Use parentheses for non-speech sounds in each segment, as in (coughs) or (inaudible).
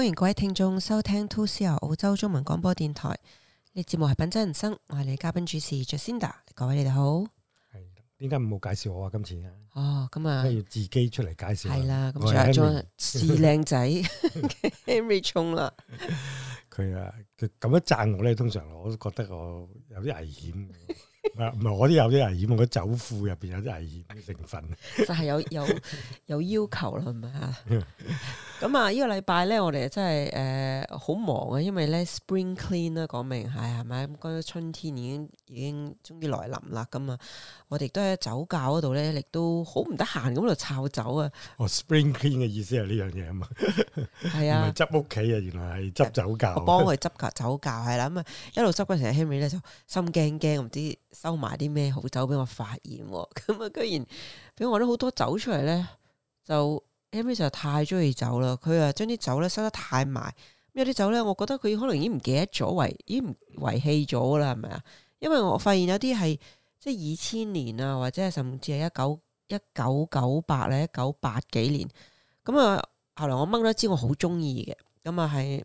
歡迎各位聽眾收聽 2CR 澳洲中文廣播電台。呢節目係品酒人生，我係你嘅嘉賓主持 Jacinda。各位你哋好，係，點解唔好介紹我啊？今次啊，哦，咁啊，要自己出嚟介紹，係啦，咁仲有咗是靚仔，Henry 啦。佢啊，佢咁樣讚我咧，通常我都覺得我有啲危險。唔係，唔係、啊，我都有啲危險。我酒庫入邊有啲危險嘅成分，就係有有有要求啦，係咪啊？咁啊，呢個禮拜咧，我哋真係誒好忙啊，因為咧 spring clean 啦，講明係係咪咁？嗰個春天、啊、春天已經已經終於來臨啦，咁啊，我哋都喺酒窖嗰度咧，亦都好唔得閒咁度抄酒啊！哦，spring clean 嘅意思係呢樣嘢啊嘛，係、嗯、 (laughs) 啊，執屋企啊，原來係執酒窖，我幫佢執架酒窖係啦，咁、嗯、啊一路執嗰陣時 Henry 咧就心驚驚，唔知。收埋啲咩好酒俾我發現喎、哦，咁 (laughs) 啊居然俾我咧好多酒出嚟咧，就 Emilio 太中意酒啦，佢啊將啲酒咧收得太埋，咁有啲酒咧，我覺得佢可能已經唔記得咗，遺已經遺棄咗啦，係咪啊？因為我發現有啲係即係二千年啊，或者係甚至係一九一九九八咧，一九八幾年，咁、嗯、啊，後來我掹咗一支我好中意嘅，咁啊係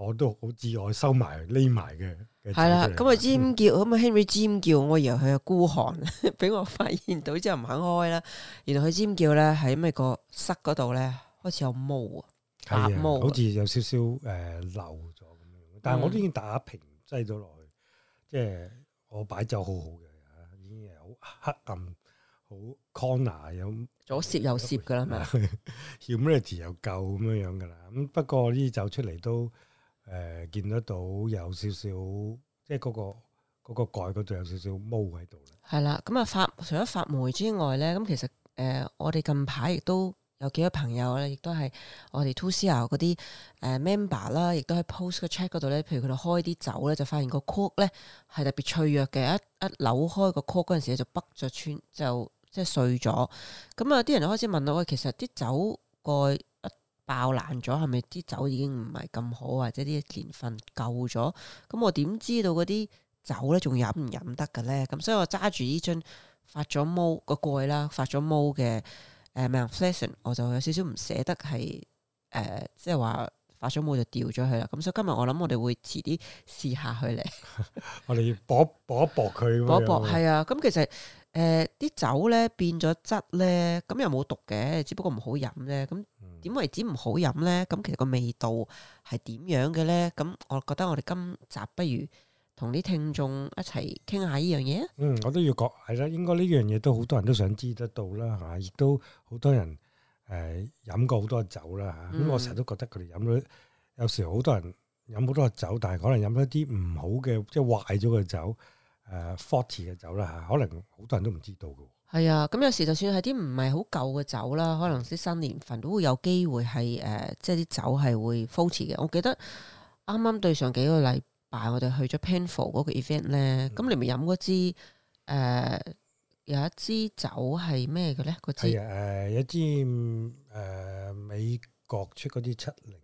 我都好自愛收埋匿埋嘅，係啦，咁啊的、嗯、尖叫，咁啊輕微尖叫，我以為佢係孤寒，俾 (laughs) 我發現到之後唔肯開啦。原來佢尖叫咧喺咩個室嗰度咧開始有毛啊，白毛，好似有少少誒漏咗咁樣。嗯、但係我都已經打平擠咗落去，即係我擺酒好好嘅，已經係好黑暗，好 Connor 咁左攝右攝噶啦嘛 Humidity 又夠咁樣樣噶啦。咁不過呢走出嚟都～誒、呃、見得到有少少，即係嗰、那個嗰、那個、蓋嗰度有少少毛喺度咧。係啦，咁啊發除咗發霉之外咧，咁其實誒、呃、我哋近排亦都有幾個朋友咧，亦都係我哋 2CR 嗰啲誒 member 啦，亦、呃呃、都喺 post 個 check 嗰度咧，譬如佢哋開啲酒咧，就發現個 cork 咧係特別脆弱嘅，一一扭開個 cork 嗰陣時咧就北着穿，就即係碎咗。咁啊，啲人開始問我喂、欸，其實啲酒蓋。爆爛咗，係咪啲酒已經唔係咁好，或者啲年份夠咗？咁我點知道嗰啲酒咧仲飲唔飲得嘅咧？咁所以我揸住呢樽發咗毛個蓋啦，發咗毛嘅誒，Mount Pleasant，我就有少少唔捨得係誒、呃，即係話發咗毛就掉咗佢啦。咁所以今日我諗我哋會遲啲試下去嚟， (laughs) 我哋要搏一搏佢，搏 (laughs) 一搏薄係啊。咁其實。誒，啲、呃、酒咧變咗質咧，咁又冇毒嘅，只不過唔好飲啫。咁點為之唔好飲咧？咁其實個味道係點樣嘅咧？咁我覺得我哋今集不如同啲聽眾一齊傾下呢樣嘢啊。嗯，我都要講係啦。應該呢樣嘢都好多人都想知得到啦，吓、啊、亦都好多人誒飲、呃、過好多酒啦。吓、啊、咁、嗯、我成日都覺得佢哋飲咗，有時好多人飲好多酒，但係可能飲咗啲唔好嘅，即係壞咗嘅酒。誒，faulty 嘅酒啦，可能好多人都唔知道㗎。係啊，咁有時就算係啲唔係好舊嘅酒啦，可能啲新年份都會有機會係誒，即係啲酒係會 faulty 嘅。我記得啱啱對上幾個禮拜，我哋去咗 Penfold 嗰個 event 咧，咁你咪飲嗰支誒，有一支酒係咩嘅咧？嗰支係啊，誒，一支誒美國出嗰啲七零。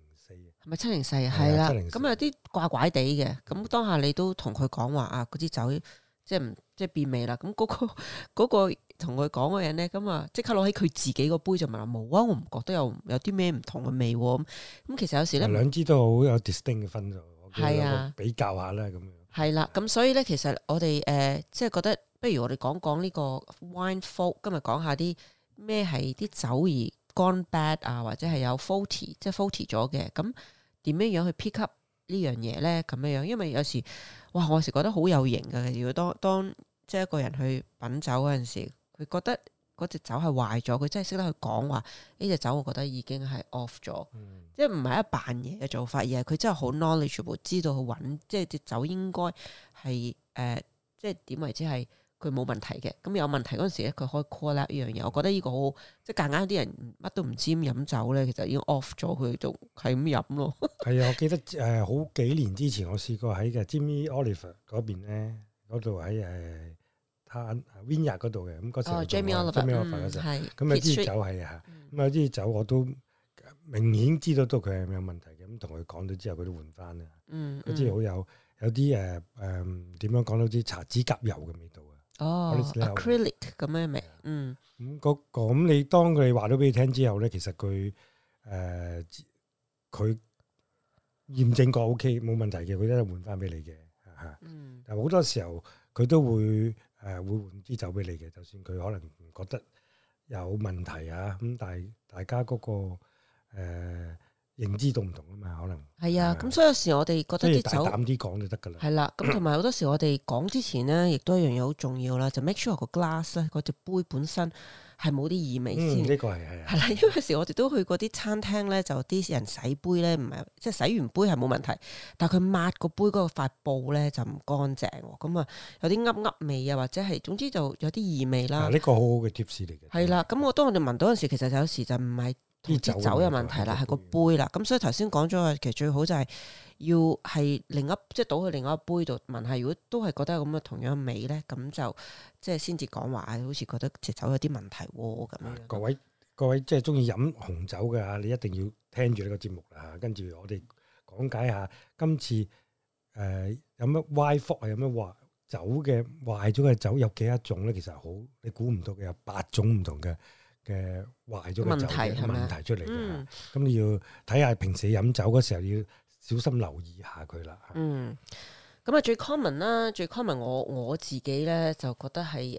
咪七零四啊，係啦，咁有啲怪怪地嘅，咁當下你都同佢講話啊，嗰啲酒即係唔即係變味啦。咁、嗰個、嗰個同佢講嘅人咧，咁啊即刻攞起佢自己個杯就問啦，冇啊，我唔覺得有有啲咩唔同嘅味咁。咁其實有時咧兩支都好有 distinct 分咗，係啊，比較下啦咁樣。係啦，咁所以咧，其實我哋誒、呃、即係覺得，不如我哋講講呢個 wine fault。今日講下啲咩係啲酒而 gone bad 啊，或者係有 faulty，即係 faulty 咗嘅咁。點樣樣去 pick up 呢樣嘢呢？咁樣樣，因為有時哇，我有時覺得好有型嘅。如果當當即係一個人去品酒嗰陣時，佢覺得嗰隻酒係壞咗，佢真係識得去講話呢隻酒，我覺得已經係 off 咗，嗯、即係唔係一扮嘢嘅做法，而係佢真係好 knowledgeable，知道去揾，即係隻酒應該係誒、呃，即係點為之係。佢冇問題嘅，咁有問題嗰陣時咧，佢開 call 啦。呢依樣嘢，我覺得呢個好即係夾硬啲人乜都唔知咁飲酒咧，其實已經 off 咗佢，仲係咁飲咯。係啊，我記得誒好、呃、 (laughs) 幾年之前，我試過喺嘅 Jimmy Oliver 嗰邊咧，嗰度喺誒攤 vineyard 嗰度嘅，咁嗰、呃、時、oh, Jimmy Jamie Oliver 嗰陣，咁、嗯、有支酒係啊，咁有支酒，有酒我都明顯知道到佢係有問題嘅，咁同佢講咗之後，佢都換翻啦。嗯，佢啲好有有啲誒誒點樣講都知搽指甲油嘅味道。哦、oh,，acrylic 咁樣咪，嗯，咁嗰個咁你當佢話咗俾你聽之後咧，其實佢誒，佢、呃、驗證過 OK 冇問題嘅，佢一定換翻俾你嘅，吓、啊，嗯，但係好多時候佢都會誒、呃、會換支酒俾你嘅，就算佢可能唔覺得有問題啊，咁但係大家嗰、那個誒。呃認知度唔同啊嘛，可能係啊，咁、啊、所以有時我哋覺得啲酒，即係大膽啲講就得噶啦。係啦、啊，咁同埋好多時我哋講之前咧，亦都一樣嘢好重要啦，就 make sure glass, 個 glass 咧，嗰隻杯本身係冇啲異味先。呢、嗯這個係係啊。係啦、啊，因為有時我哋都去嗰啲餐廳咧，就啲人洗杯咧，唔係即係洗完杯係冇問題，嗯、但係佢抹個杯嗰個塊布咧就唔乾淨，咁、嗯、啊、嗯、有啲噏噏味啊，或者係總之就有啲異味啦。呢、啊這個好好嘅 tips 嚟嘅。係啦、啊，咁我當我哋聞到嗰陣時，其實有時就唔係。唔止酒有問題啦，係、嗯、個杯啦。咁、嗯嗯嗯、所以頭先講咗，其實最好就係要係另一，即、就、係、是、倒去另一杯度聞下。如果都係覺得有咁嘅同樣味咧，咁就即係先至講話，好似覺得隻酒有啲問題咁樣。嗯嗯、各位，各位即係中意飲紅酒嘅啊，你一定要聽住呢個節目啦。跟住我哋講解下今次誒、呃、有乜歪福係有乜壞酒嘅壞咗嘅酒有幾多種咧？其實好你估唔到嘅有八種唔同嘅。嘅壞咗嘅酒嘅問，問題出嚟嘅，咁你要睇下平時飲酒嗰時候要小心留意下佢啦。嗯，咁啊最 common 啦，最 common 我我自己咧就覺得係誒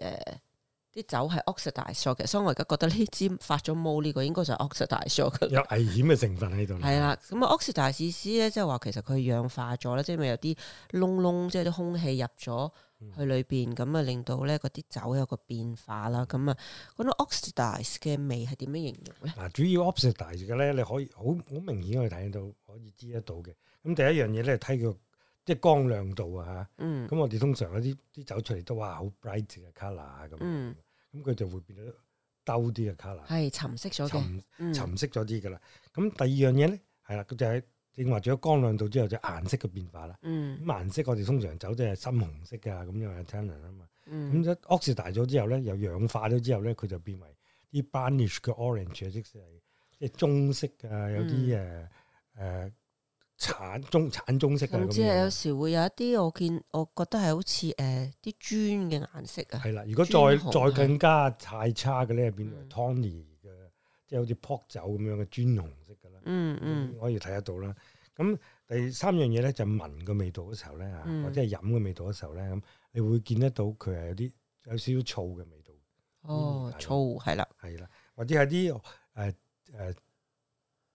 啲酒係 oxidised 嘅，所以我而家覺得呢支發咗毛呢個應該就係 oxidised 嘅。有危險嘅成分喺度。係啦，啊，咁啊 oxidise 意思咧即係話其實佢氧化咗啦，即係咪有啲窿窿，即係啲空氣入咗。去裏邊咁啊，嗯、令到咧嗰啲酒有個變化啦。咁啊、嗯，嗰種 oxidise 嘅味係點樣形容咧？嗱，主要 oxidise 嘅咧，你可以好好明顯可以睇到，可以知得到嘅。咁第一樣嘢咧，睇佢即係光亮度啊，吓。嗯。咁我哋通常一啲啲酒出嚟都話好 bright 嘅 color 啊，咁。嗯。咁佢就會變得兜啲嘅 color。係沉色咗嘅。沉沉色咗啲噶啦。咁、嗯、第二樣嘢咧，係啦，就係、是。定或咗光亮度之後，就顏色嘅變化啦。咁、嗯、顏色我哋通常走即係深紅色嘅，咁樣嘅 tony 啊嘛。咁就 oxide 大咗之後咧，又氧化咗之後咧，佢就變為啲 banish 嘅 orange 啊，即使係即係棕色啊，有啲誒誒橙棕橙棕色嘅咁樣。唔係，有時會有一啲我見我覺得係好似誒啲磚嘅顏色啊。係啦，如果再再更加太差嘅咧，變為 tawny 嘅，嗯、即係好似砵酒咁樣嘅磚紅色。嗯嗯，嗯，可以睇得到啦。咁、嗯嗯、第三樣嘢咧，就聞個味道嘅時候咧，啊、嗯，或者係飲嘅味道嘅時候咧，咁你會見得到佢係有啲有少少醋嘅味道。哦，醋係啦。係啦，或者係啲誒誒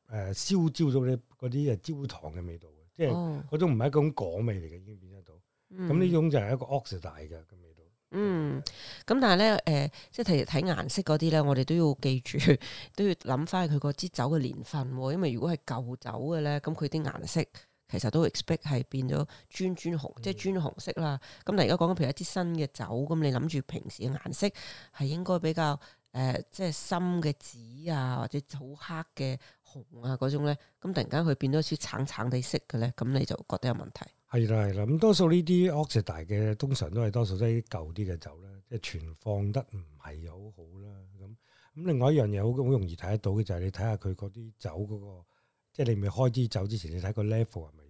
誒，燒焦咗啲啲誒焦糖嘅味道，即係種唔係一種果味嚟嘅，已經變得到。咁呢、嗯嗯、種就係一個 oxid 嘅個味道。嗯，咁但係咧，誒、呃，即係睇睇顏色嗰啲咧，我哋都要記住，都要諗翻佢嗰支酒嘅年份喎。因為如果係舊酒嘅咧，咁佢啲顏色其實都 expect 係變咗磚磚紅，嗯、即係磚紅色啦。咁但係而家講緊譬如一支新嘅酒，咁你諗住平時嘅顏色係應該比較誒、呃，即係深嘅紫啊，或者好黑嘅紅啊嗰種咧，咁突然間佢變咗啲橙橙地色嘅咧，咁你就覺得有問題。係啦，係啦。咁多數呢啲 oxidize 嘅，通常都係多數都係啲舊啲嘅酒啦，即係存放得唔係好好啦。咁咁另外一樣嘢，好好容易睇得到嘅就係、是、你睇下佢嗰啲酒嗰、那個，即係你未開支酒之前，你睇個 level 係咪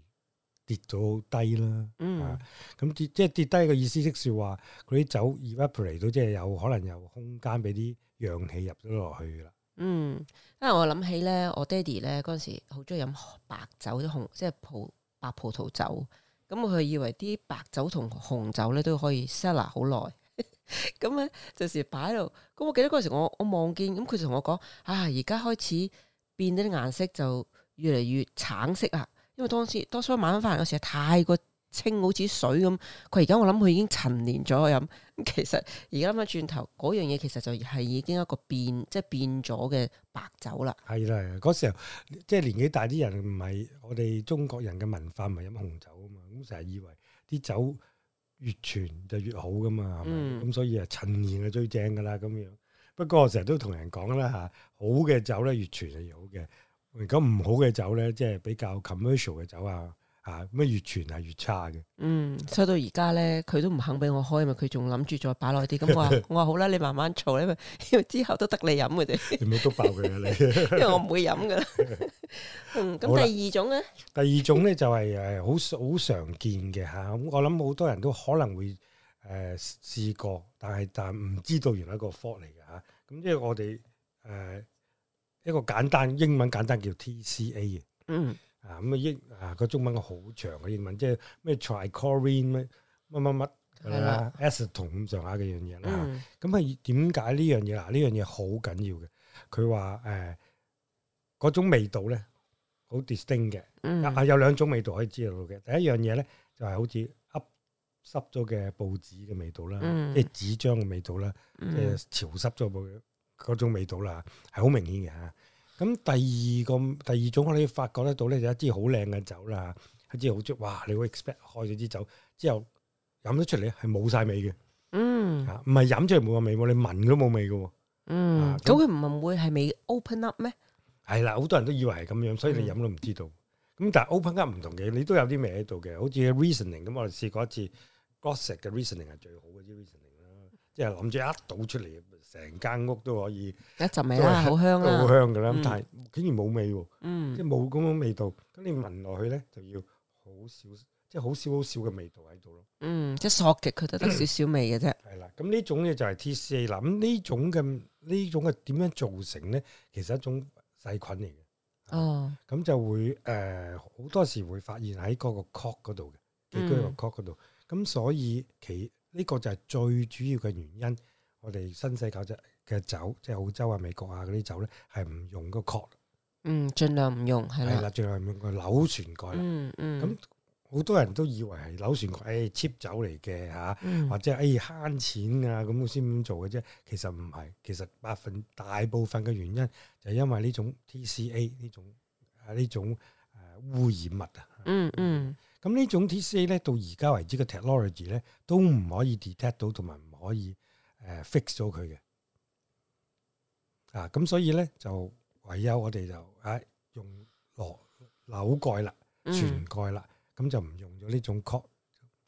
跌咗好低啦？嗯嗯啊，咁跌即係跌低嘅意思，即是話佢啲酒 evaporate 到，即係有可能有空間俾啲氧氣入咗落去啦。嗯，因啊，我諗起咧，我爹哋咧嗰陣時好中意飲白酒，即係即係葡白葡萄酒。咁佢以為啲白酒同紅酒咧都可以 cellar 好耐，咁 (laughs) 咧就時擺喺度。咁我記得嗰時我我望見，咁佢就同我講：啊，而家開始變咗啲顏色就越嚟越橙色啦，因為當時當初買翻翻嚟嗰時太過清好似水咁，佢而家我諗佢已經陳年咗飲。其實而家諗翻轉頭，嗰樣嘢其實就係已經一個變，即係變咗嘅白酒啦。係啦係啦，嗰時候即係年紀大啲人唔係我哋中國人嘅文化唔係飲紅酒啊嘛。咁成日以為啲酒越存就越好噶嘛，係咪？咁、嗯、所以啊，陳年係最正噶啦咁樣。不過我成日都同人講啦吓，好嘅酒咧越存係好嘅，如果唔好嘅酒咧即係比較 commercial 嘅酒啊。吓咩、啊、越傳啊越，越差嘅，嗯，所以到而家咧，佢都唔肯俾我開，咪佢仲諗住再擺耐啲。咁我話 (laughs) 我話好啦，你慢慢嘈，因為之後都得你飲嘅啫。全部都爆佢嘅你，因為我唔會飲噶。 (laughs) 嗯，咁第二種咧，第二種咧就係誒好好常見嘅吓，咁我諗好多人都可能會誒試、呃、過，但係但唔知道原來一個 cork 嚟嘅吓。咁即係我哋誒、呃、一個簡單英文簡單叫 TCA 嘅，嗯。啊咁啊英啊個中文好長嘅英文，即係咩 trycorin 咩乜乜乜啦，S 同咁上下嘅樣嘢啦。咁啊點解呢樣嘢嗱？呢樣嘢好緊要嘅。佢話誒嗰種味道咧，好 distinct 嘅。啊、嗯、有，有兩種味道可以知道嘅。第一樣嘢咧就係、是、好似吸濕咗嘅報紙嘅味道啦，嗯、即係紙張嘅味道啦，即係、嗯、潮濕咗報紙嗰種味道啦，係好明顯嘅嚇。咁第二個第二種，我哋發覺得到咧，就一支好靚嘅酒啦，一支好足哇！你會 expect 開咗支酒之後飲咗出嚟，係冇晒味嘅。嗯，唔係飲出嚟冇個味喎，你聞都冇味嘅喎。嗯，咁佢唔會係未 open up 咩？係啦，好多人都以為係咁樣，所以你飲都唔知道。咁、嗯、但係 open up 唔同嘅，你都有啲味喺度嘅。好似 Riesling 咁，我哋試過一次 Classic 嘅 Riesling 係最好嘅啲 Riesling。即係諗住一倒出嚟，成間屋都可以一陣味啦，好香啊，好香嘅啦。但係竟然冇味喎，即係冇嗰種味道。咁、嗯嗯、你聞落去咧，就要好少，即係好少好少嘅味道喺度咯。嗯，即係索極佢就得少少 (coughs) 微微味嘅啫。係啦，咁呢種咧就係 TCA。咁呢種嘅呢種嘅點樣造成咧？其實一種細菌嚟嘅。哦、嗯，咁就會誒好、呃、多時會發現喺嗰個 cork 嗰度嘅寄居喺 cork 嗰度。咁、嗯、所以其。呢個就係最主要嘅原因，我哋新世界嘅酒，即係澳洲啊、美國啊嗰啲酒咧，係唔用個 cork 嗯，儘量唔用係啦。係啦，儘量唔用個螺旋蓋。嗯嗯。咁好多人都以為係螺旋蓋，誒、哎、cheap 酒嚟嘅嚇，啊嗯、或者誒慳、哎、錢啊咁先咁做嘅啫。其實唔係，其實百分大部分嘅原因就係因為呢種 TCA 呢種啊呢種誒污染物啊、嗯。嗯嗯。咁呢種 TCA 咧，到而家為止嘅 technology 咧，都唔可以 detect 到同埋唔可以誒 fix 咗佢嘅。啊，咁所以咧就唯有我哋就誒、啊、用螺扭蓋啦、全蓋啦，咁、嗯、就唔用咗呢種 cork。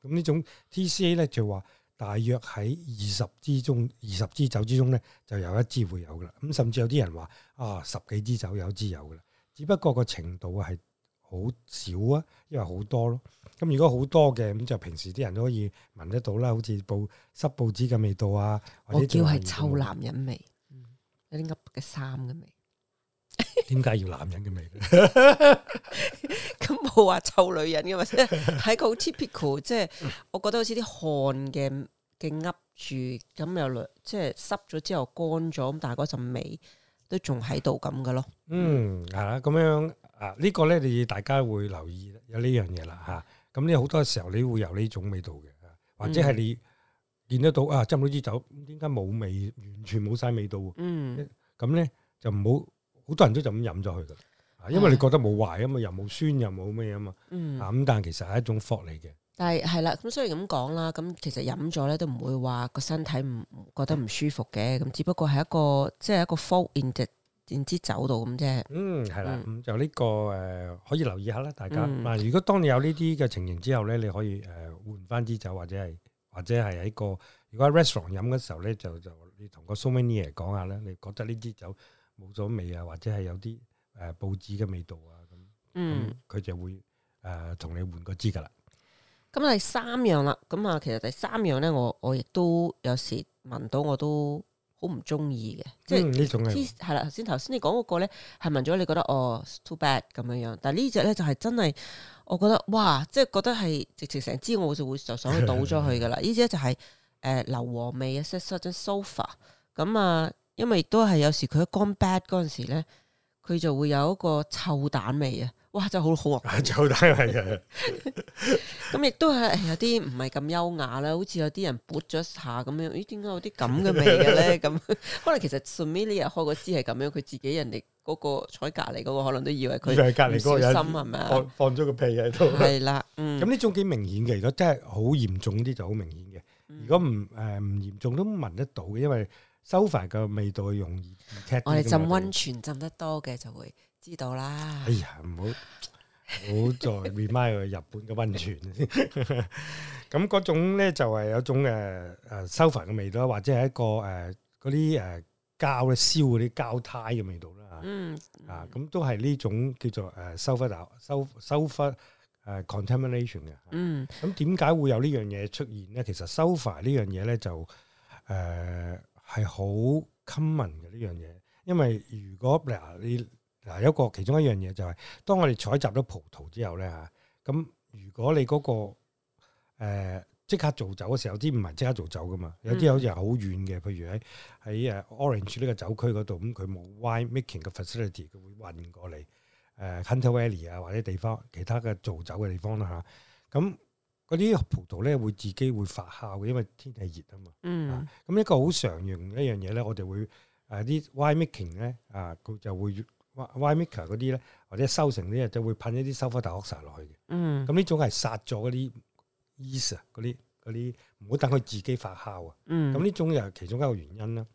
咁呢種 TCA 咧，就話、是、大約喺二十支中、二十支酒之中咧，就有一支會有噶啦。咁甚至有啲人話啊，十幾支酒有支有噶啦，只不過個程度係，好少啊，因為好多咯。咁如果好多嘅，咁就平時啲人都可以聞得到啦，好似報濕報紙嘅味道啊。我叫係臭男人味、啊，有啲噏嘅衫嘅味。點解、嗯、要男人嘅味咧？咁冇話臭女人嘅，或者係個好 typical，即係我覺得好似啲汗嘅嘅噏住，咁又即係濕咗之後乾咗，咁但係嗰陣味都仲喺度咁嘅咯。嗯，係啦，咁樣。啊！呢、呢個咧，你大家會留意有呢樣嘢啦嚇。咁咧好多時候你會有呢種味道嘅，或者係你見得到啊？浸到支酒，點解冇味？完全冇晒味道。嗯。咁咧就唔好，好多人都就咁飲咗佢。啊，因為你覺得冇壞啊嘛，又冇酸又冇咩啊嘛。咁、嗯，嗯、但係其實係一種伏嚟嘅。但係係啦，咁雖然咁講啦，咁其實飲咗咧都唔會話個身體唔覺得唔舒服嘅。咁、嗯、只不過係一個即係、就是、一個 fault in the 然之酒度咁啫，嗯係啦，咁就呢、這個誒、呃、可以留意下啦，大家嗱，如果當你有呢啲嘅情形之後咧，你可以誒換翻支酒或者係或者係喺個如果喺 restaurant 飲嘅時候咧，就就你同個 sommelier 嚟講下啦，你覺得呢支酒冇咗味啊，或者係有啲誒報紙嘅味道啊咁、嗯呃嗯，嗯，佢就會誒同你換個支噶啦。咁第三樣啦，咁啊，其實第三樣咧，我我亦都有時聞到我都。好唔中意嘅，嗯、即係係啦。頭先頭先你講嗰個咧，係聞咗你覺得哦，too bad 咁樣樣。但係呢隻咧就係、是、真係，我覺得哇，即係覺得係直直成支，我就會 (laughs) 就想去倒咗佢噶啦。呢、呃、隻就係誒硫磺味啊，即 e t set 咗 sulfur 咁啊，因為都係有時佢一 gone bad 嗰陣時咧，佢就會有一個臭蛋味啊。哇！真係好好惡，真係好大問題。咁亦都係有啲唔係咁優雅啦，好似有啲人撥咗下咁樣，咦？點解有啲咁嘅味嘅咧？咁可能其實最尾呢日開嗰支係咁樣，佢自己人哋嗰個坐喺隔籬嗰個，可能都以為佢係隔籬嗰個人，小心係咪放放咗個屁喺度？係啦，咁呢種幾明顯嘅。如果真係好嚴重啲，就好明顯嘅。如果唔誒唔嚴重都聞得到嘅，因為收飯嘅味道容易。我哋浸温泉浸得多嘅就會。知道啦。哎呀，唔好好再 remind 佢日本嘅溫泉啦。 (laughs) (laughs) 咁嗰種咧就係、是、有一種誒誒，sulfur 嘅味道或者係一個誒嗰啲誒膠咧燒嗰啲膠胎嘅味道啦。嗯啊，咁都係呢種叫做誒 sulfur 油誒 contamination 嘅。嗯。咁點解會有呢樣嘢出現咧？其實 sulfur 呢樣嘢咧就誒係、uh, 好 common 嘅呢樣嘢，因為如果嗱你。Uh, 嗱，有一個其中一樣嘢就係、是，當我哋採集到葡萄之後咧嚇，咁、啊、如果你嗰、那個即、呃、刻做酒嘅時候，有啲唔係即刻做酒噶嘛，嗯、有啲好似係好遠嘅，譬如喺喺誒 Orange 呢個酒區嗰度，咁佢冇 wine making 嘅 facility，佢會運過嚟誒、呃、Hunter Valley 啊或者地方其他嘅做酒嘅地方啦嚇，咁嗰啲葡萄咧會自己會發酵嘅，因為天氣熱啊嘛，嗯，咁、啊、一個好常用一樣嘢咧，我哋會誒啲 wine making 咧啊，佢、啊、就會。Y-maker 嗰啲咧，或者收成啲啊，就會噴一啲收火大屋殺落去嘅。嗯。咁呢種係殺咗嗰啲 yeast 嗰啲啲，唔好等佢自己發酵啊。嗯。咁呢種又係其中一個原因啦。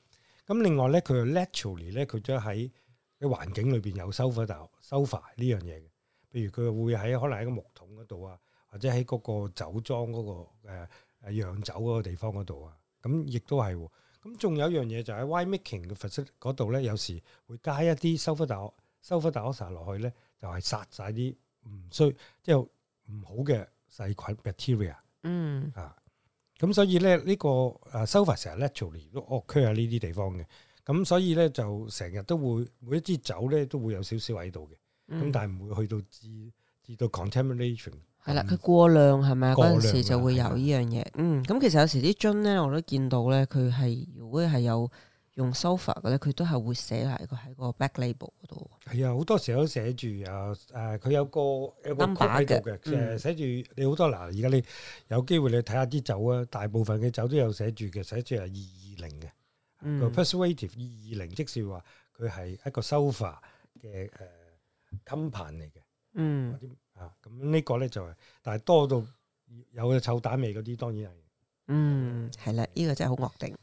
咁另外咧，佢又 naturally 咧，佢都喺啲環境裏邊有收火大學收 fire 呢樣嘢嘅。譬如佢會喺可能喺個木桶嗰度啊，或者喺嗰個酒莊嗰、嗰個誒誒、呃、釀酒嗰個地方嗰度啊，咁亦都係。咁仲有一樣嘢就喺 wine making 嘅 process 嗰度咧，有時會加一啲 sulfur dioxide sulfur dioxide 落去咧，就係、是、殺晒啲唔需即係唔好嘅細菌 bacteria，菌，嗯啊，咁所以咧呢、呢個誒 sulfur 成日咧 naturally 都 occur 喺呢啲地方嘅，咁所以咧就成日都會每一支酒咧都會有少少喺度嘅，咁、嗯、但係唔會去到至至到 contamination。係啦，佢過量係咪啊？嗰陣時就會有呢樣嘢。嗯，咁其實有時啲樽咧，我都見到咧，佢係如果係有用 sulfur 嘅咧，佢都係會寫喺個喺個 back label 嗰度。係啊，好多時候都寫住啊誒，佢有個 amber 嘅誒，寫住你好多嗱，而家你有機會你睇下啲酒啊，大部分嘅酒都有寫住嘅，寫住係二二零嘅，preservative 二二零，即係話佢係一個 sulfur 嘅誒金盤嚟嘅，嗯。啊，咁、這、呢個咧就係、是，但係多到有嘅臭蛋味嗰啲，當然係。嗯，係啦，呢、嗯、個真係好惡定，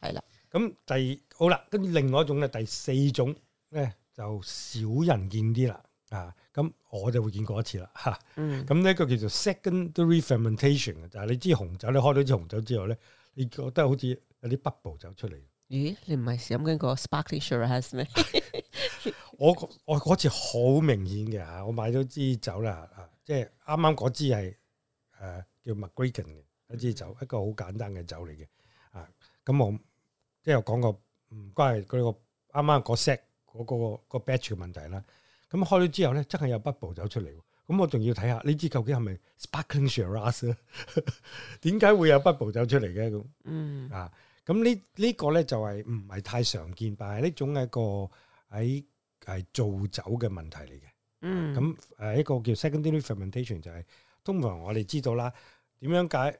係啦 (laughs) 的。咁第二好啦，跟住另外一種咧，第四種咧就少人見啲啦。啊，咁我就會見過一次啦。吓、啊，咁呢、嗯、個叫做 secondary fermentation 嘅，就係你知紅酒你開咗支紅酒之後咧，你覺得好似有啲 bubbles 走出嚟。咦，你唔係飲緊個 sparkling shiraz 咩？ (laughs) (laughs) 我我嗰次好明顯嘅吓，我買咗支酒啦、啊，即係啱啱嗰支係誒叫 McGuigan 嘅一支酒，嗯、一個好簡單嘅酒嚟嘅啊。咁我即係講、嗯那個唔關佢個啱啱嗰 set 嗰個個 batch 嘅問題啦。咁、啊、開咗之後咧，真係有 bubble 走出嚟。咁、啊、我仲要睇下呢支究竟係咪 sparkling shiraz 咧？點 (laughs) 解會有 bubble 走出嚟嘅咁？嗯啊。咁呢呢個咧就係唔係太常見，但係呢種係一個喺係造酒嘅問題嚟嘅。嗯，咁誒、啊、一個叫 secondary fermentation 就係通常我哋知道啦，點樣解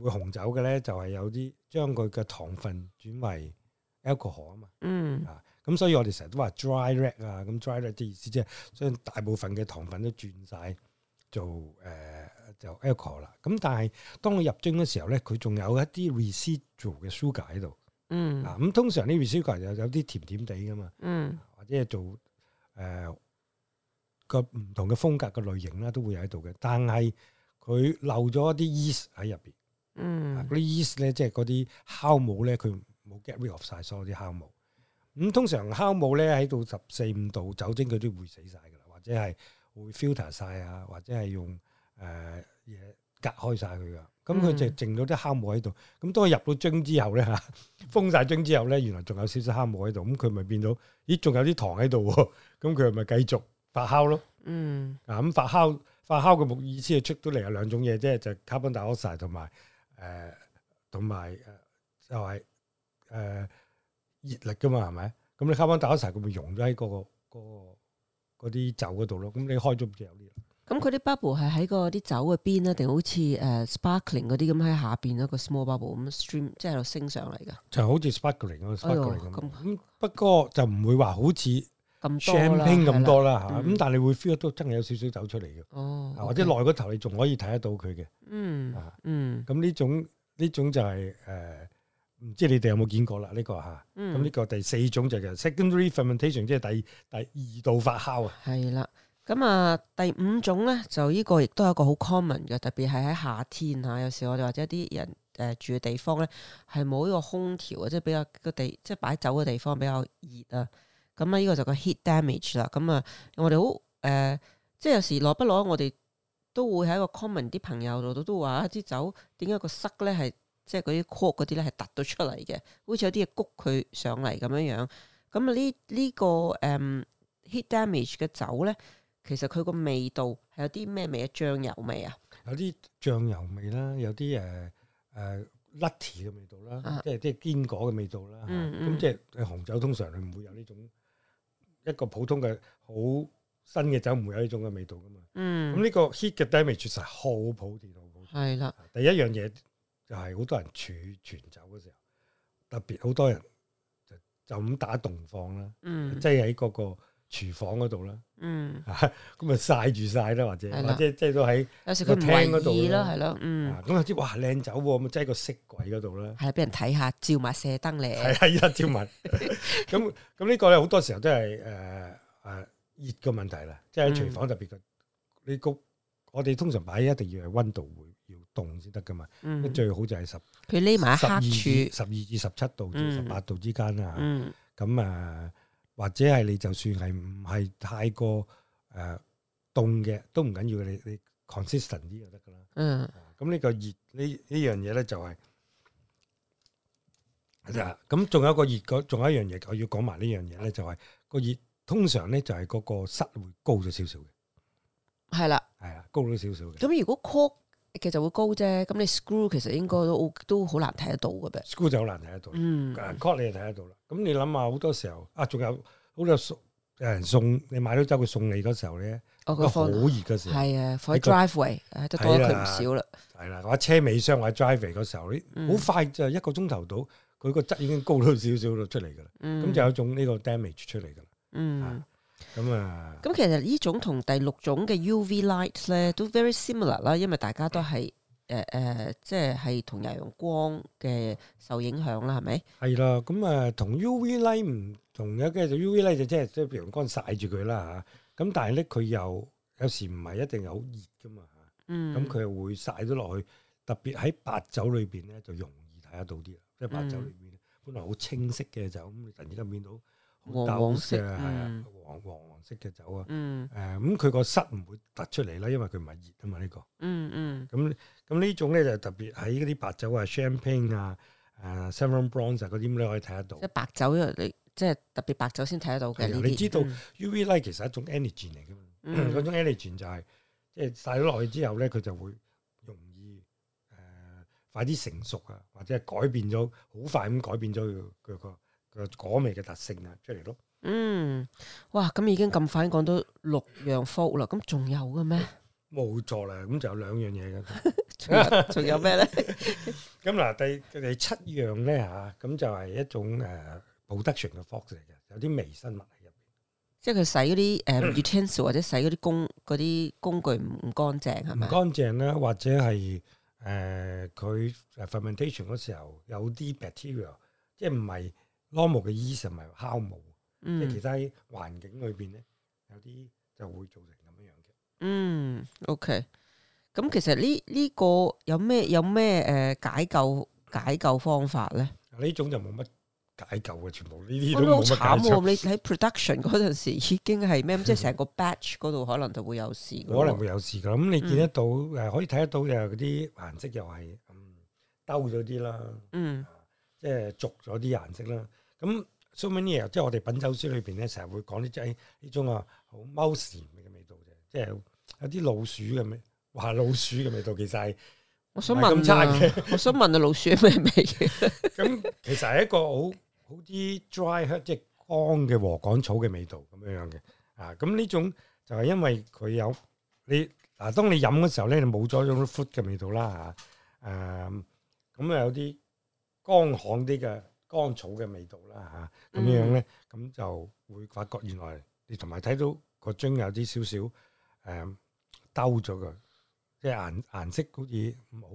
會紅酒嘅咧，就係、是、有啲將佢嘅糖分轉為 alcohol 啊嘛。嗯，啊，咁所以我哋成日都話 dry red 啊，咁 dry red 啲意思即係將大部分嘅糖分都轉晒做誒，呃就 alcohol 啦，咁但係當佢入樽嘅時候咧，佢仲有一啲 residual 嘅 sugar 喺度、嗯嗯，嗯，啊，咁通常呢 residual 就有啲甜甜地噶嘛，嗯，或者係做誒個唔同嘅風格嘅類型啦，都會喺度嘅，但係佢漏咗一啲 yeast 喺入邊，嗯，啲 yeast 咧，即係嗰啲酵母咧，佢冇 get rid of 晒所有啲酵母，咁通常酵母咧喺到十四五度酒精佢都會死晒噶啦，或者係會 filter 晒啊，或者係用。誒，嘢、嗯、隔開晒佢噶，咁佢就剩到啲酵母喺度。咁當佢入到樽之後咧，吓封晒樽之後咧，原來仲有少少酵母喺度。咁佢咪變到，咦，仲有啲糖喺度？咁佢咪繼續發酵咯。嗯。嗱、啊，咁發酵發酵嘅木意思係出到嚟有兩種嘢，即係就 carbon dioxide 同埋誒，同埋誒就係誒熱力噶嘛，係咪？咁你 carbon dioxide，佢咪溶咗喺嗰個嗰、嗰個嗰啲酒度咯。咁你開咗就有啲、這個。咁佢啲 bubble 係喺個啲酒嘅邊啦，定好似誒 sparkling 嗰啲咁喺下邊一個 small bubble 咁 stream，即係度升上嚟噶。就好似 sparkling 嗰個 sparkling 咁，不過就唔會話好似咁 champagne 咁多啦吓。咁的但係你會 feel 到真係有少少走出嚟嘅。哦、嗯，或者內個頭你仲可以睇得到佢嘅。嗯，啊，就是呃有有這個、嗯，咁呢種呢種就係誒，唔知你哋有冇見過啦呢個吓。咁呢個第四種就係 secondary fermentation，即係第第二度發酵啊。係啦的。咁啊，第五種咧就依個亦都係一個好 common 嘅，特別係喺夏天嚇、啊，有時我哋或者啲人誒、呃、住嘅地方咧係冇呢一個空調啊，即係比較個地即係擺酒嘅地方比較熱啊。咁啊，呢、這個就個 heat damage 啦。咁啊，我哋好誒，即係有時攞不攞，我哋都會喺一個 common 啲朋友度都話啲、啊、酒點解個塞咧係即係嗰啲 cork 嗰啲咧係凸到出嚟嘅，好似有啲嘢谷佢上嚟咁樣樣。咁啊，這個嗯、呢呢個誒 heat damage 嘅酒咧。其實佢個味道係有啲咩味啊？醬油味啊？有啲醬油味啦，有啲誒誒 nutty 嘅味道啦，啊、即係即係堅果嘅味道啦。咁、嗯嗯、即係紅酒通常係唔會有呢種一個普通嘅好新嘅酒唔會有呢種嘅味道噶嘛。嗯。咁呢個 heat 嘅 damage 確實係好普遍到。係啦，是的 第一樣嘢就係好多人儲存酒嘅時候，特別好多人就就咁打洞放啦。嗯。即係喺嗰個。廚房嗰度啦，嗯，咁咪曬住晒啦，或者即係都喺有時佢唔願意咯，係咯，嗯，咁有啲哇靚酒喎，咁即係個色櫃嗰度啦，係俾人睇下，照埋射燈咧，係啊，依家照埋，咁咁呢個咧好多時候都係誒誒熱嘅問題啦，即係喺廚房特別嘅，你個我哋通常擺一定要係溫度會要凍先得噶嘛，最好就係十，佢匿埋黑處，十二至十七度至十八度之間啊，咁啊。或者係你就算係唔係太過誒凍嘅，都唔緊要嘅。你你 consistent 啲就得噶啦。嗯。咁呢個熱呢呢樣嘢咧就係，啊咁仲有一個熱嘅，仲有一樣嘢我要講埋呢樣嘢咧，就係個熱通常咧就係嗰個室會高咗少少嘅。係啦。係啊，高咗少少嘅。咁如果 call？其實會高啫，咁你 screw 其實應該都都好難睇得到嘅啫，screw 就好難睇得到，嗯，cork 你又睇得到啦，咁你諗下好多時候啊，仲有好多送有人送你買咗走佢送你嗰時候咧，個好熱嘅時候，係、哦、啊，喺 driveway，誒個，都多咗佢唔少啦，係啦、啊，話車尾箱話 driveway 嗰時候，好、嗯、快就一個鐘頭到，佢個質已經高咗少少咯，出嚟噶啦，咁就有種呢個 damage 出嚟噶啦，嗯、啊。咁啊！咁、嗯、其實呢種同第六種嘅 U V light 咧都 very similar 啦，因為大家都係誒誒，即係係同日陽光嘅受影響啦，係咪？係啦，咁啊，同 U V light 唔同 light 有，有嘅就 U V light 就即係即係陽光曬住佢啦吓。咁但係咧，佢又有時唔係一定係好熱噶嘛，咁佢、嗯、又會曬咗落去，特別喺白酒裏邊咧就容易睇得到啲。即係白酒裏邊、嗯、本來好清晰嘅就咁，突然之間變到。黃色啊，係啊、嗯，黃黃黃色嘅酒啊，誒咁佢個室唔會突出嚟啦，因為佢唔係熱啊嘛呢個。嗯嗯。咁、嗯、咁呢種咧就特別喺嗰啲白酒啊、champagne 啊、誒 sauvignon blanc 嗰啲咁，你可以睇得到。即係白酒，你即係特別白酒先睇得到嘅。ね些你知道 UV light 其實係一種 energy 嚟嘅嘛？嗰、嗯、種 energy 就係即係曬咗落去之後咧，佢就會容易誒、呃、快啲成熟啊，或者係改變咗，好快咁改變咗佢個。個果味嘅特性啊，出嚟咯。嗯，哇，咁已經咁快講到六樣 fault 啦，咁仲有嘅咩？冇咗啦，咁就有兩樣嘢嘅。仲有咩咧？咁嗱，第第七樣咧吓，咁就係一種誒，production 嘅 fault 嚟嘅，有啲微生物喺入邊。即係佢使嗰啲誒 utensil 或者使嗰啲工嗰啲工具唔乾淨係嘛？唔乾淨咧，或者係誒佢誒 fermentation 嗰時候有啲 bacteria，即係唔係。o Normal 嘅 Eason 咪酵母，即係、嗯、其他喺環境裏邊咧，有啲就會造成咁樣樣嘅。嗯，OK。咁其實呢呢、這個有咩有咩誒解救解救方法咧？呢種就冇乜解救嘅，全部呢啲都冇乜。好慘喎、嗯啊、你喺 production 嗰陣時已經係咩？ (laughs) 即係成個 batch 嗰度可能就會有事，可能會有事噶。咁你見得到誒、嗯啊？可以睇得到誒？嗰啲顏色又係兜咗啲啦，嗯，嗯啊、即係濁咗啲顏色啦。咁所以呢啲嘢，即係我哋品酒書裏邊咧，成日會講啲即係呢種啊，好貓屎嘅味道啫，即係有啲老鼠嘅咩，話老鼠嘅味道其實，我想問啊，我想問啊， (laughs) 老鼠咩味？咁其實係一個好好啲 dry 即係乾嘅禾稈草嘅味道咁樣樣嘅啊。咁呢種就係因為佢有你嗱、啊，當你飲嘅時候咧，你冇咗種 foot 嘅味道啦啊。誒、啊，咁啊有啲乾旱啲嘅。乾草嘅味道啦吓，咁、啊、樣咧，咁就會發覺原來你同埋睇到個樽有啲少少誒，兜咗嘅，即係顏顏色好似唔好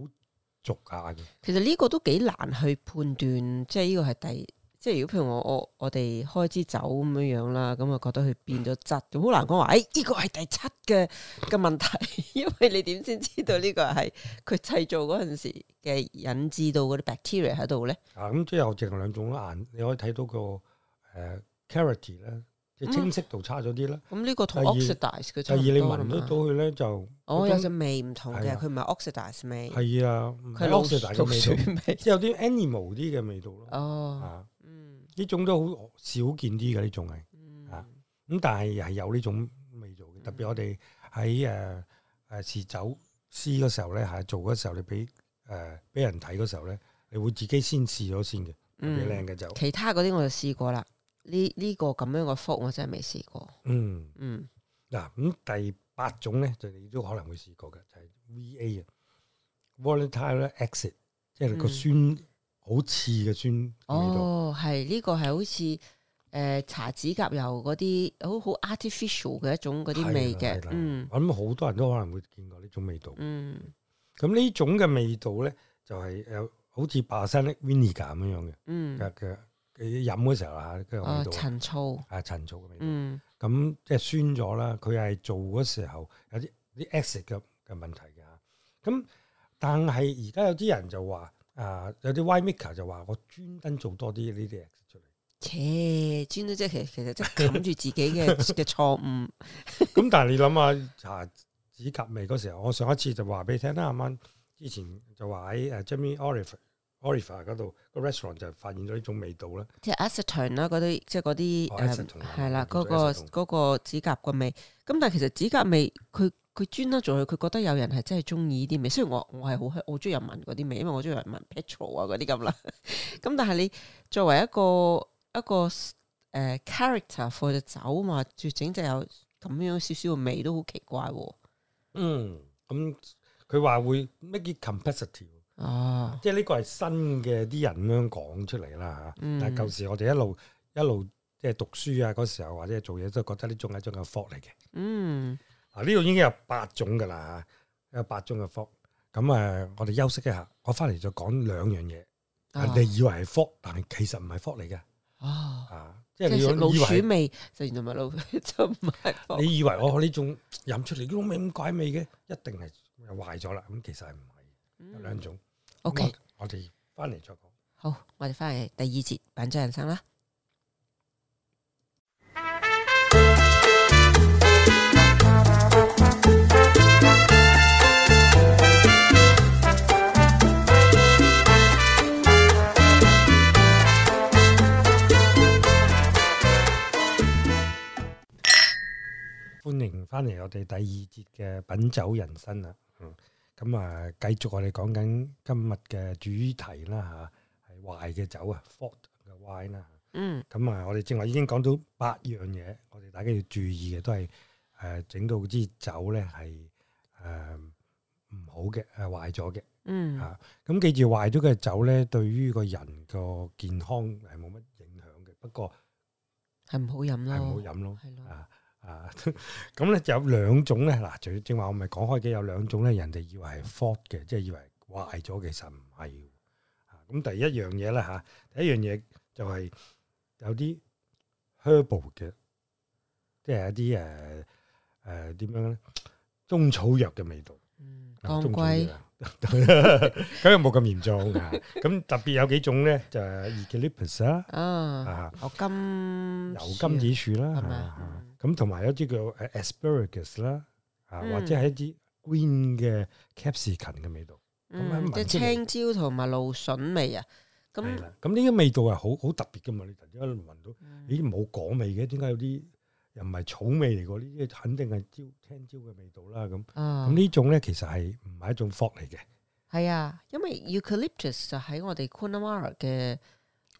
俗下嘅。其實呢個都幾難去判斷，即係呢個係第。即係如果譬如我我我哋開支酒咁樣樣啦，咁啊覺得佢變咗質，咁好難講話。誒，呢個係第七嘅嘅問題，因為你點先知道呢個係佢製造嗰陣時嘅引致到嗰啲 bacteria 喺度咧。啊，咁即係又剩兩種咯，顏你可以睇到個誒 clarity 咧，即清晰度差咗啲啦。咁呢個同 oxidise 佢差唔多啦嘛。第二你聞得到佢咧就，我有隻味唔同嘅，佢唔係 oxidise 味，係啊，佢 oxidise 嘅味即係有啲 animal 啲嘅味道咯。哦。呢種都好少見啲嘅，呢種係啊咁，但係係有呢種味道嘅。特別我哋喺誒誒試酒師嗰時候咧，係、啊、做嗰時候，你俾誒俾人睇嗰時候咧，你會自己先試咗先嘅，比較靚嘅酒，嗯。其他嗰啲我就試過啦，呢呢、這個咁樣嘅福我真係未試過。嗯嗯，嗱咁、嗯啊嗯、第八種咧就你都可能會試過嘅，就係、是、V A 啊 Volatile Exit，即係個酸。嗯好似嘅酸味道，哦，係呢、這個係好似誒搽指甲油嗰啲好好 artificial 嘅一種嗰啲味嘅，嗯，我諗好多人都可能會見過呢種味道，嗯，咁呢、嗯、種嘅味道咧就係、是、有好似 balsamic vinegar 咁樣嘅，嗯嘅嘅，你飲嗰時候吓，哦陳醋，係陳醋嘅味道，嗯，咁即係酸咗啦，佢係做嗰時候有啲啲 acid 嘅嘅問題嘅咁、啊、但係而家有啲人就話。啊！Uh, 有啲 winemaker 就話我專登做多啲呢啲出嚟，切專登即係其實其實即係冚住自己嘅嘅 (laughs) 錯誤。咁、 (laughs) 嗯、但係你諗啊，搽指甲味嗰時候，我上一次就話俾你聽、啊啊啊、啦，啱啱之前就話喺誒 Jamie Oliver Oliver 嗰度個 restaurant 就發現咗呢種味道啦，即係 acetone 啦嗰啲，即係嗰啲誒係啦，嗰個嗰個指甲個味。咁但係其實指甲味佢。佢專登做佢，佢覺得有人係真係中意呢啲味。雖然我我係好香，中意人聞嗰啲味，因為我中意人聞 petrol 啊嗰啲咁啦。咁但係你作為一個一個誒、呃、character for 隻酒嘛，最整就有咁樣少少嘅味都好奇怪喎、哦嗯。嗯，咁佢話會 make it competitive 啊，即係呢個係新嘅啲人咁樣講出嚟啦嚇。嗯、但係舊時我哋一路一路即係讀書啊嗰時候或者做嘢都覺得呢種係一種嘅 fault 嚟嘅。嗯。嗱呢度已經有八種噶啦嚇，有八種嘅伏、啊。咁啊我哋休息一下，我翻嚟再講兩樣嘢，人哋、啊、以為係伏，但係其實唔係伏。嚟嘅、啊，啊，即係老鼠味就唔同埋老，就唔係。你以為我呢種飲出嚟啲味咁怪味嘅，一定係又壞咗啦。咁其實係唔係有兩種？OK、啊、我哋翻嚟再講。好，我哋翻嚟第二節品酒人生啦。歡迎翻嚟我哋第二節嘅品酒人生啊，嗯，咁、嗯、啊，嗯嗯、繼續我哋講緊今日嘅主題啦吓，係壞嘅酒啊 fault 嘅 wine 啦，嗯，咁啊，我哋正話已經講到八樣嘢，我哋大家要注意嘅都係誒整到支酒咧係誒唔好嘅，誒壞咗嘅，嗯吓，咁記住壞咗嘅酒咧，對於個人個健康係冇乜影響嘅，不過係唔好飲咯，唔好飲咯，係咯啊。啊，咁咧就有兩種咧，嗱，正正話我咪講開嘅，有兩種咧，人哋以為係 fault 嘅，即係以為壞咗，其實唔係。咁第一樣嘢咧嚇，第一樣嘢就係有啲 herbal 嘅，即係一啲誒誒點樣咧，中草藥嘅味道。嗯，當歸咁又冇咁嚴重。咁特別有幾種咧，就 eucalyptus 啦，啊、嗯，金油金子樹啦。咁同埋有啲叫 asparagus 啦、嗯，啊或者係一啲 green 嘅 capsicum 嘅味道，咁、嗯嗯、即係青椒同埋蘆筍味啊，咁咁呢啲味道係好好特別嘅嘛，你突然間聞到，咦冇果味嘅，點解有啲又唔係草味嚟過？呢啲肯定係椒青椒嘅味道啦，咁咁呢種咧其實係唔係一種 fault 嚟嘅？係、嗯、啊，因為 eucalyptus 就喺我哋 Coonawarra 嘅。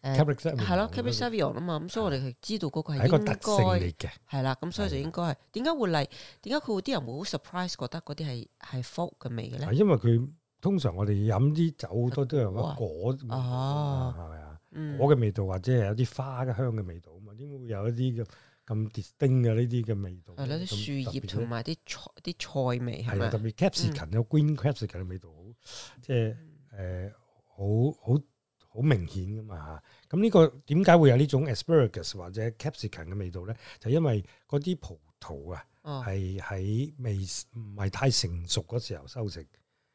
係咯，Capsicum 啊嘛，咁所以我哋係知道嗰個係一個特性嚟嘅，係啦，咁所以就應該係點解會嚟？點解佢會啲人會好 surprise 覺得嗰啲係係 folk 嘅味嘅咧？因為佢通常我哋飲啲酒，好多都有果哦，係咪啊？果嘅味道或者係有啲花嘅香嘅味道啊嘛，點解會有一啲咁咁 distinct 嘅呢啲嘅味道？係咯，啲樹葉同埋啲菜啲菜味係咪啊？特別 Capsicum 有 Green Capsicum 嘅味道，好即係誒，好好。好明顯噶嘛嚇，咁呢、這個點解會有呢種 asparagus 或者 capsicum 嘅味道咧？就因為嗰啲葡萄啊，係喺、哦、未唔係太成熟嗰時候收成，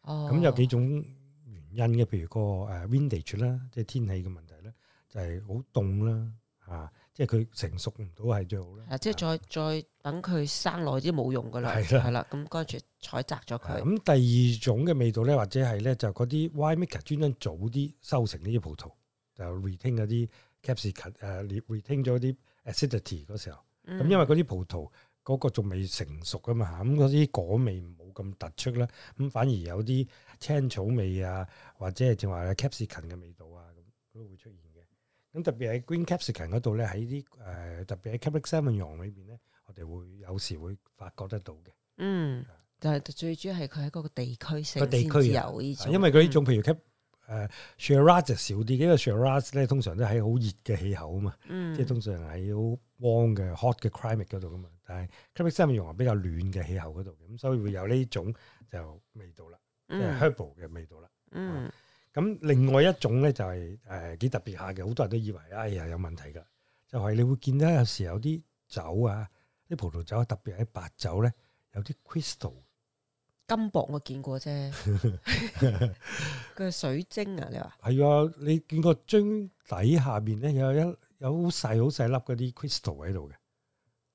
咁、哦、有幾種原因嘅，譬如個誒 vintage 啦，即係天氣嘅問題咧，就係好凍啦嚇。啊。即係佢成熟唔到係最好啦。啊，即係再再等佢生耐啲冇用噶啦，係啦係啦。咁跟住採摘咗佢。咁、啊、第二種嘅味道咧，或者係咧，就嗰、是、啲 wine maker 專登早啲收成呢啲葡萄，就 retain 嗰啲 capsicum、啊、retain 咗啲 acidity 嗰時候。咁、嗯、因為嗰啲葡萄嗰個仲未成熟啊嘛，咁嗰啲果味冇咁突出啦，咁反而有啲青草味啊，或者係話 capsicum 嘅味道啊，咁都會出現。咁特別喺 Green Capsicum 嗰度咧，喺啲誒特別喺 Cabernet Sauvignon 裏邊咧，我哋會有時會發覺得到嘅。嗯，就係、啊、最主要係佢喺嗰個地區先至有呢種。因為佢呢種譬如 Cab 誒 Shiraz 少啲，因為 Shiraz 咧通常都喺好熱嘅氣候啊嘛，即係、嗯、通常喺好 warm 嘅 hot 嘅 climate 嗰度啊嘛。但係 Cabernet Sauvignon 係比較暖嘅氣候嗰度，咁所以會有呢種就味道啦，嗯、即係 herbal 嘅味道啦。嗯。嗯。咁另外一種咧就係誒幾特別下嘅，好多人都以為，哎呀有問題噶，就係、是、你會見到有時有啲酒啊，啲葡萄酒特別係白酒咧，有啲 crystal 金箔我見過啫，佢係水晶啊，你話係啊？你見個樽底下邊咧有一有好細好細粒嗰啲 crystal 喺度嘅，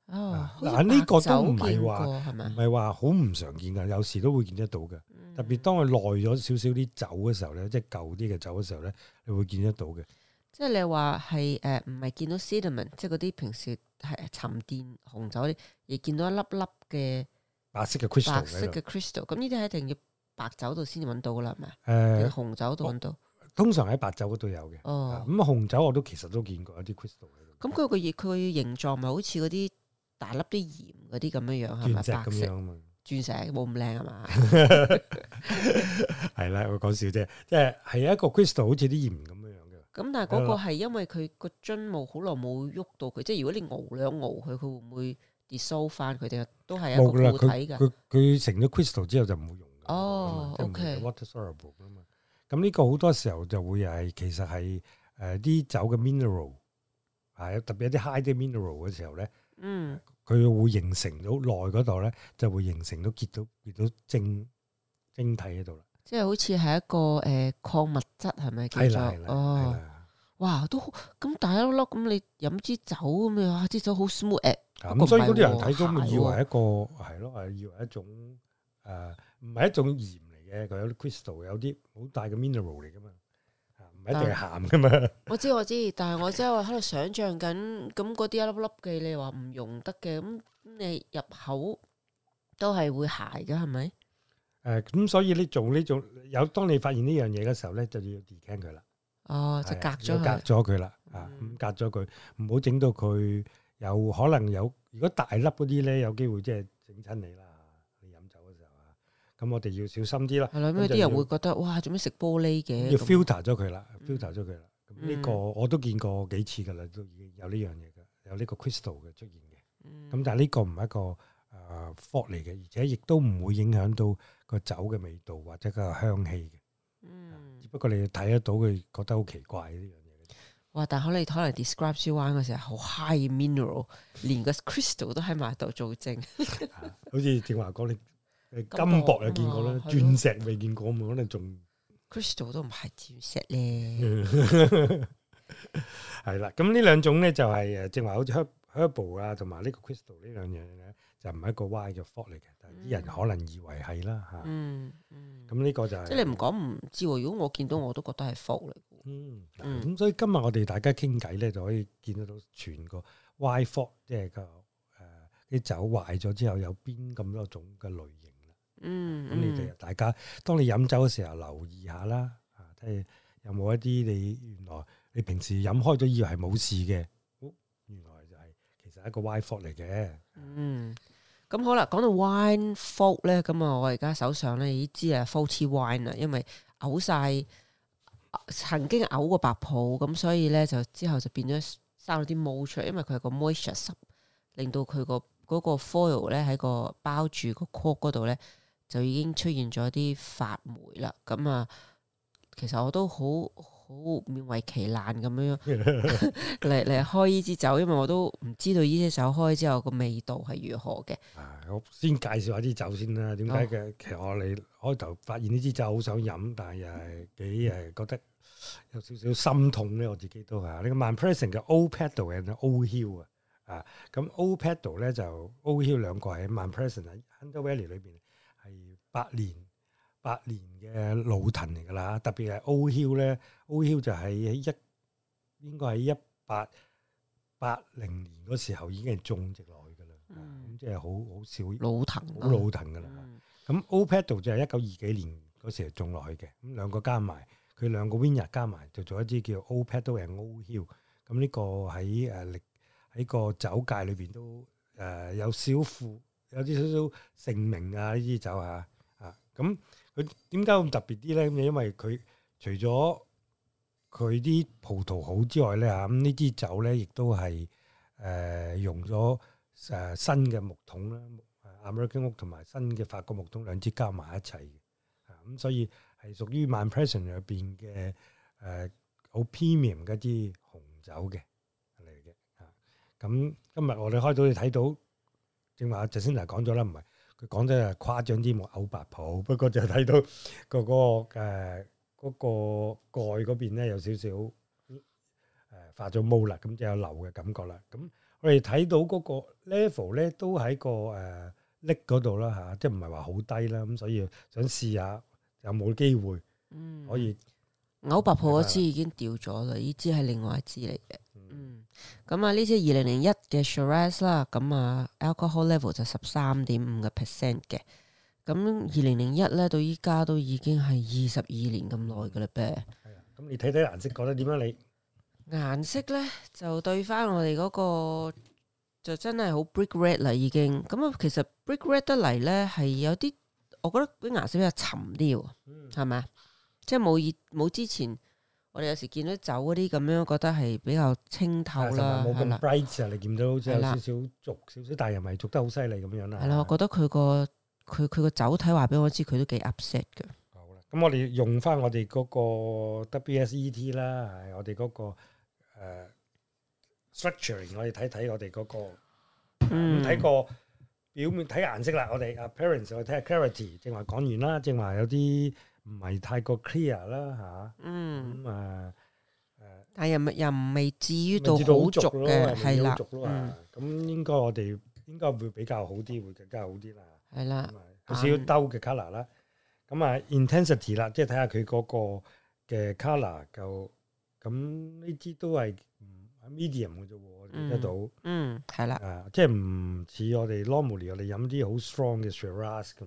哦，嗱呢、啊、個都唔係話係咪？唔係話好唔常見嘅，有時都會見得到嘅。特別當佢耐咗少少啲酒嘅時候咧，即係舊啲嘅酒嘅時候咧，你會見得到嘅。即係你話係誒，唔、呃、係見到 sediment 即係嗰啲平時係沉澱紅酒，而見到一粒粒嘅白色嘅 crystal，白色嘅 crystal。咁呢啲一定要白酒度先揾到嘅啦，係咪？誒、呃，紅酒度揾到、哦。通常喺白酒嗰度有嘅。哦。咁、嗯、紅酒我都其實都見過一啲 crystal 喺度。咁佢個形佢形狀咪好似嗰啲大粒啲鹽嗰啲咁樣是是樣係咪白色？鑽石冇咁靚啊嘛？係啦，我講笑啫，即係係一個 crystal，好似啲鹽咁樣樣嘅。咁但係嗰個係因為佢個樽冇好耐冇喐到佢，即係如果你熬兩熬佢，佢會唔會 dissolve 翻？佢哋都係一個固體噶。佢佢成咗 crystal 之後就唔會用。哦，OK。Water soluble 噶嘛？咁呢個好多時候就會係其實係誒啲酒嘅 mineral，係特別有啲 high 啲 mineral 嘅時候咧。嗯。佢會形成到內嗰度咧，就會形成到結到結到晶晶體喺度啦。即係好似係一個誒、呃、礦物質係咪？係啦係啦，哦、哇！都好！咁大粒粒，咁你飲支酒咁樣啊，支酒好 smooth 誒、嗯。咁、哦、所以嗰啲人睇到以為一個係咯，係，以為一種誒，呃，唔係一種鹽嚟嘅。佢有啲 crystal，有啲好大嘅 mineral 嚟噶嘛。唔係一定鹹噶嘛？我知我知，但係我即係話喺度想象緊咁嗰啲一粒粒嘅，你話唔溶得嘅，咁你入口都係會鹹嘅，係咪？誒，咁所以你做呢種有，當你發現呢樣嘢嘅時候咧，就要 decant 佢啦。哦，就隔咗，隔咗佢啦，啊，咁隔咗佢，唔好整到佢有可能有，如果大粒嗰啲咧，有機會即係整親你。咁我哋要小心啲啦。係啦、嗯，咁有啲人會覺得哇，做咩食玻璃嘅？要 filter 咗佢啦，filter 咗佢啦。咁呢、嗯、個我都見過幾次㗎啦，都已經有呢樣嘢嘅，有呢個 crystal 嘅出現嘅。咁、嗯、但係呢個唔係一個誒 fault 嚟嘅，uh, fog, 而且亦都唔會影響到個酒嘅味道或者個香氣嘅。只、嗯、不過你睇得到佢覺得好奇怪呢樣嘢。哇、嗯！但可能可能 describe y wine 嘅時候好 high mineral， (laughs) 連個 crystal 都喺埋度做證。好似正話講你。金箔又見過啦，鑽石未見過，我了可能仲 crystal 都唔係鑽石咧。係啦， (laughs) 咁呢兩種咧就係誒，正話好似 herbal 啊，同埋呢個 crystal 呢兩樣咧，就唔係一個 Y 嘅 fault 嚟嘅，嗯、但係啲人可能以為係啦吓。嗯，咁呢個就係即係你唔講唔知，如果我見到我都覺得係 fault 嚟嘅。嗯、咁、嗯、所以今日我哋大家傾偈咧，就可以見得到全個 Y fault 即係個誒啲酒壞咗之後有邊咁多種嘅類型。嗯，咁你哋大家，當你飲酒嘅時候留意下啦，啊，睇下有冇一啲你原來你平時飲開咗以為係冇事嘅，哦、原來就係、是、其實係一個 wine fault 嚟嘅。嗯，咁好啦，講到 wine fault 咧，咁啊，我而家手上咧依知啊 faulty wine 啊，因為嘔晒曾經嘔過白泡，咁所以咧就之後就變咗生咗啲毛出嚟，因為佢係個 moisture，令到佢個嗰個 foil 咧喺個包住個 cork 嗰度咧。就已經出現咗啲發霉啦，咁啊，其實我都好好勉為其難咁樣樣嚟嚟開呢支酒，因為我都唔知道呢支酒開之後個味道係如何嘅。啊，我先介紹下支酒先啦。點解嘅？哦、其實我哋開頭發現呢支酒好想飲，但係又係幾係覺得、嗯、有少少心痛咧。我自己都係你個 Mount Pleasant 嘅 Old Paddock 嘅 Old Hill 啊。O o、cent，啊，咁 Old Paddock 咧就 Old Hill 兩個喺 Mount Pleasant 喺 Hunter Valley 裏邊。百年百年嘅老藤嚟噶啦，特別係 Old Hill 咧，Old Hill 就喺一應該喺一八八零年嗰時候已經係種植落去噶啦，咁、嗯、即係好好少老藤，老藤噶啦。咁、嗯、Old Paddock 就係一九二幾年嗰時候種落去嘅，咁兩個加埋佢兩個 Vineyard 加埋就做一支叫 Old Paddock and Old Hill 咁呢個喺誒喺個酒界裏邊都誒、呃、有少少有啲少少盛名啊呢支酒嚇、啊。咁佢點解咁特別啲咧？咁因為佢除咗佢啲葡萄好之外咧嚇，咁、啊嗯、呢支酒咧亦都係誒、呃、用咗誒、呃、新嘅木桶啦，American、啊、Oak 同埋新嘅法國木桶兩支加埋一齊嘅嚇，咁、啊、所以係屬於 Mount、啊、Pleasant 入邊嘅誒好 premium 一支紅酒嘅嚟嘅嚇。咁、啊嗯、今日我哋開到你睇到，正話阿 Jacinda 講咗啦，唔係。佢講，真係誇張啲冇嘔白泡，不過就睇到、嗰個嗰個誒嗰個蓋嗰邊咧有少少誒發咗毛啦，咁、呃、就有流嘅感覺啦。咁我哋睇到嗰個 level 咧都喺、嗰個誒 l i t 嗰度啦嚇，即係唔係話好低啦咁，所以想試下有冇機會可以嘔、嗯、嘔白泡嗰支已經掉咗啦，呢支係另外一支嚟嘅。咁啊，呢隻二零零一嘅 Shiraz 啦，咁啊，alcohol level 就十三點五嘅 percent 嘅，咁二零零一咧到依家都已經係二十二年咁耐嘅啦噃，係咁、嗯、唄你睇睇顏色覺得點樣？你、嗯、顏色咧就對翻我哋嗰、那個就真係好 brick red 啦，已經。咁、嗯、啊，嗯、其實 brick red 得嚟咧係有啲，我覺得啲顏色比較沉啲，係咪啊？即係冇以冇之前。我哋有時見到酒嗰啲咁樣，覺得係比較清透啦，冇咁 bright 啊！啦你見到好似有少少濁，少少但又唔係濁得好犀利咁樣啦。係咯是，我覺得佢個佢佢個酒體話俾我知佢都幾 upset 嘅。好啦，咁我哋用翻我哋嗰個 WSET 啦，係我哋嗰個 structuring，我哋睇睇我哋嗰個，呃 uring，看看那個、嗯，睇個表面睇顏色啦，我哋 appearance，我哋睇下 clarity。正話講完啦，正話有啲。唔係太過 clear 啦，吓，嗯咁啊誒，但係又唔又唔未至於到好俗嘅係啦，咁應該我哋應該會比較好啲，會更加好啲啦，係啦，少少兜嘅 colour 啦，咁啊 intensity 啦，即係睇下佢嗰個嘅 colour 夠，咁呢啲都係 medium 嘅啫喎，見得到，嗯係啦，啊即係唔似我哋 normally 我哋飲啲好 strong 嘅 Shiraz 咁。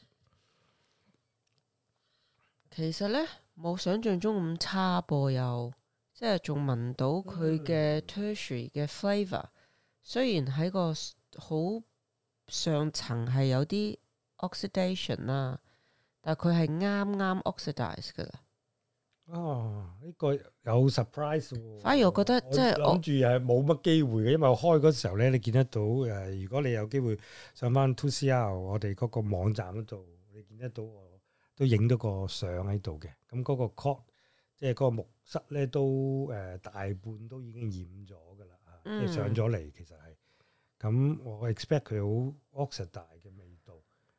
其實咧冇想象中咁差噃，又即係仲聞到佢嘅 tertiary 嘅 flavor。雖然喺個好上層係有啲 oxidation 啦，但係佢係啱啱 oxidized 噶啦。哦，呢個有 surprise。反而我覺得即係諗住又係冇乜機會嘅，因為我開嗰時候咧，你見得到誒。如果你有機會上翻 2CR，我哋嗰個網站度，你見得到我。都影到個相喺度嘅，咁嗰個 cork，即係嗰個木塞咧都誒、呃、大半都已經染咗㗎喇，嗯、即係上咗嚟其實係。咁我 expect 佢好 oxidate 嘅味道，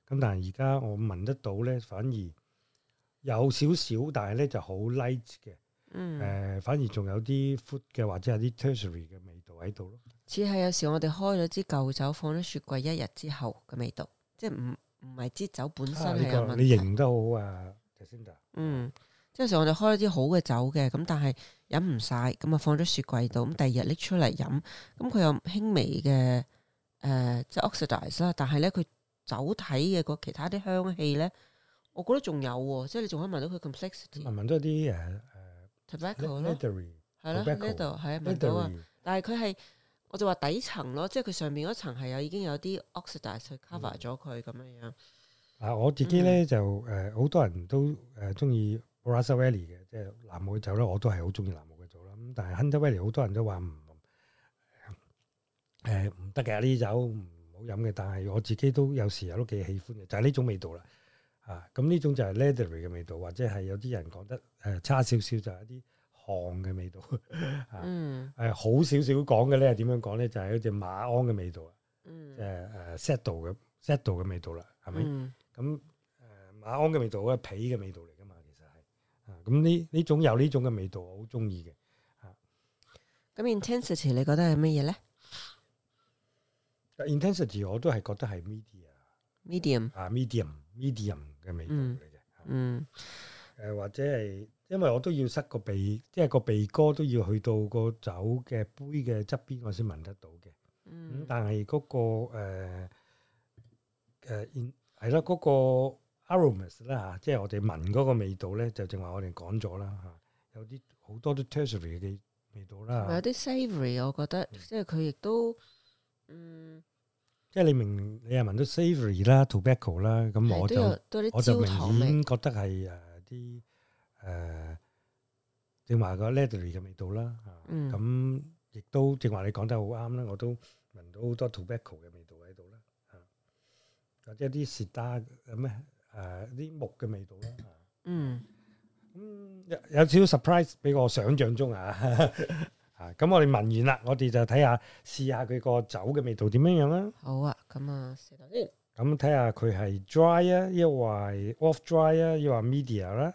咁但係而家我聞得到咧，反而有少少，但係咧就好 light 嘅，誒、嗯呃、反而仲有啲 foot 嘅或者係啲 tertiary 嘅味道喺度咯。似係有時我哋開咗支舊酒放咗雪櫃一日之後嘅味道，即係唔。唔係支酒本身係有問題，你型得好啊，Jacinda。嗯，即係時我哋開啲好嘅酒嘅，咁但係飲唔晒，咁啊放咗雪櫃度，咁第二日拎出嚟飲，咁佢有輕微嘅誒，即係 oxidise 啦。但係咧，佢酒體嘅個其他啲香氣咧，我覺得仲有喎，即係你仲可以聞到佢 complexity。聞聞到啲誒誒 tobacco 啦，係咯，呢度係啊，聞到啊，但係佢係。我就話底層咯，即係佢上面嗰層係有已經有啲 oxidate 去 cover 咗佢咁樣樣。嗱、啊，我自己咧就誒好、呃、多人都誒中意 Barossa Valley 嘅，即係藍莓酒咧，我都係好中意藍莓嘅酒啦。咁但係 Hunter Valley 好多人都話唔誒唔得嘅呢啲酒唔好飲嘅，但係我自己都有時候都幾喜歡嘅，就係、是、呢種味道啦。啊，咁、嗯、呢種就係 leathery 嘅味道，或者係有啲人講得誒、呃、差少少就係一啲汗嘅味道，啊、嗯，係、啊、好少少講嘅咧。點樣講咧？就係嗰隻馬鞍嘅味道啊，嗯、即係誒 saddle 嘅 saddle 嘅味道啦，係咪？咁誒、嗯嗯、馬鞍嘅味道咧，皮嘅味道嚟噶嘛，其實係啊。咁呢呢種有呢種嘅味道，我好中意嘅。咁 intensity 你覺得係乜嘢咧？intensity 我都係覺得係 medium，medium 啊 medium，medium 嘅味道嚟嘅。嗯，誒或者係。因為我都要塞個鼻，即係個鼻哥都要去到個酒嘅杯嘅側邊，我先聞得到嘅。嗯。咁但係嗰個誒誒，係啦嗰個 aromas 啦嚇，即係我哋聞嗰個味道咧，就正話我哋講咗啦嚇，有啲好多啲 tertiary 嘅味道啦，有啲 savory，我覺得即係佢亦都，嗯，即係你明，你係聞到 savory 啦，tobacco 啦，咁我就我就明顯覺得係誒啲。誒，正話個 leather 嘅味道啦，吓，咁亦都正話你講得好啱啦，我都聞到好多 tobacco 嘅味道喺度啦，吓，或者啲是打咁咩誒啲木嘅味道啦，吓，嗯，咁有有少少 surprise 比我想象中啊吓。咁我哋聞完啦，我哋就睇下試下佢個酒嘅味道點樣樣啦。好啊，咁啊，食頭先。咁睇下佢係 dry 啊，抑或 off dry 啊，抑或 media 啦。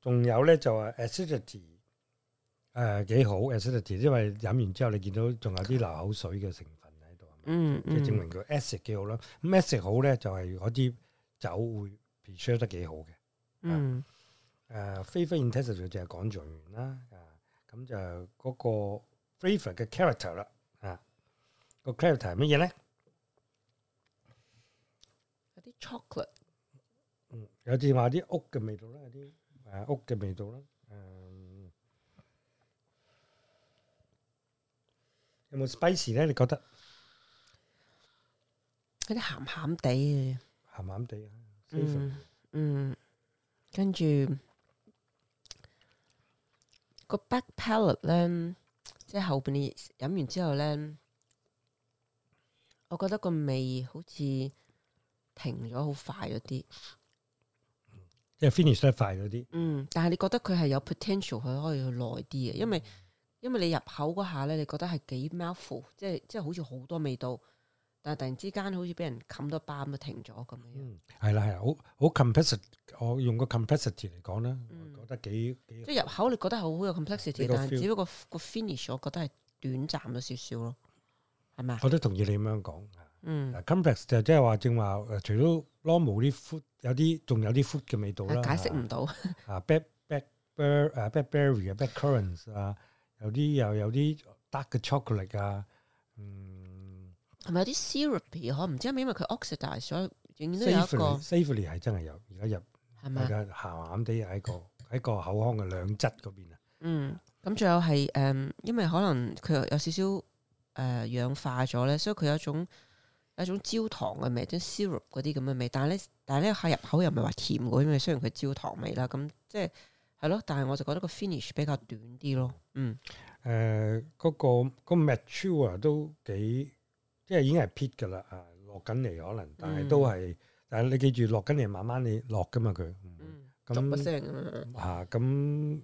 仲有咧就係 acidity，誒幾好 acidity，因為飲完之後你見到仲有啲流口水嘅成分喺度，嗯，即係證明佢 acid 幾好啦。咁 acid 好咧就係嗰啲酒會 preserve 得幾好嘅。嗯，誒，flavour intensity 就講完啦，啊，咁就嗰個 flavour 嘅 character 啦，啊，個 character 係乜嘢咧？有啲 chocolate，嗯，有啲話啲 oak 嘅味道啦，有啲。啊、屋嘅味道啦、嗯，有冇 spicy 咧？你覺得嗰啲鹹鹹地嘅，鹹鹹地，鹹鹹嗯嗯，跟住、這個 back palate 咧，即係後邊飲完之後咧，我覺得個味好似停咗好快咗啲。即係 finish 得、嗯、快嗰啲，嗯，但係你覺得佢係有 potential，佢可以去耐啲嘅。因為、嗯、因為你入口嗰下咧，你覺得係幾 mouthful，即係即係好似好多味道，但係突然之間好似俾人冚咗一巴咁停咗咁樣。嗯，係啦係啦，好好 complex 我用個 complexity 嚟講咧，嗯、我覺得幾幾。即係入口你覺得好好有 complexity，但係只不過個 finish，嗯、我覺得係短暫咗少少咯，係咪啊？我都同意你咁樣講。嗯，嗯，complex 就即係話正話，剛才剛才除咗。多冇啲 f o o 苦，food, 有啲仲有啲 f o o 苦嘅味道啦、啊。解釋唔到。啊 (laughs) b a c b a c b e r、uh, black berry 啊 black currants 啊、uh,，uh, 有啲又、uh, 有啲 dark 嘅 chocolate 啊，嗯，係咪有啲 syrupy 呵，唔知係咪因為佢 oxidise，所以永遠都有一個。safely 係真係有，而家入，而家鹹鹹地喺個喺個口腔嘅兩側嗰邊啊、嗯。嗯，咁仲有係誒，因為可能佢有少少誒、呃、氧化咗咧，所以佢有一種。一種焦糖嘅味，即係 syrup 嗰啲咁嘅味，但係咧，但係咧喺入口又唔係話甜嗰種，因為雖然佢焦糖味啦，咁即係係咯，但係我就覺得個 finish 比較短啲咯。嗯，誒、呃，嗰、那個、那個 mature 都幾，即係已經係 pit 噶啦，啊，落緊嚟可能，但係都係，嗯、但係你記住落緊嚟，慢慢你落噶嘛佢，咁，啊，咁、嗯、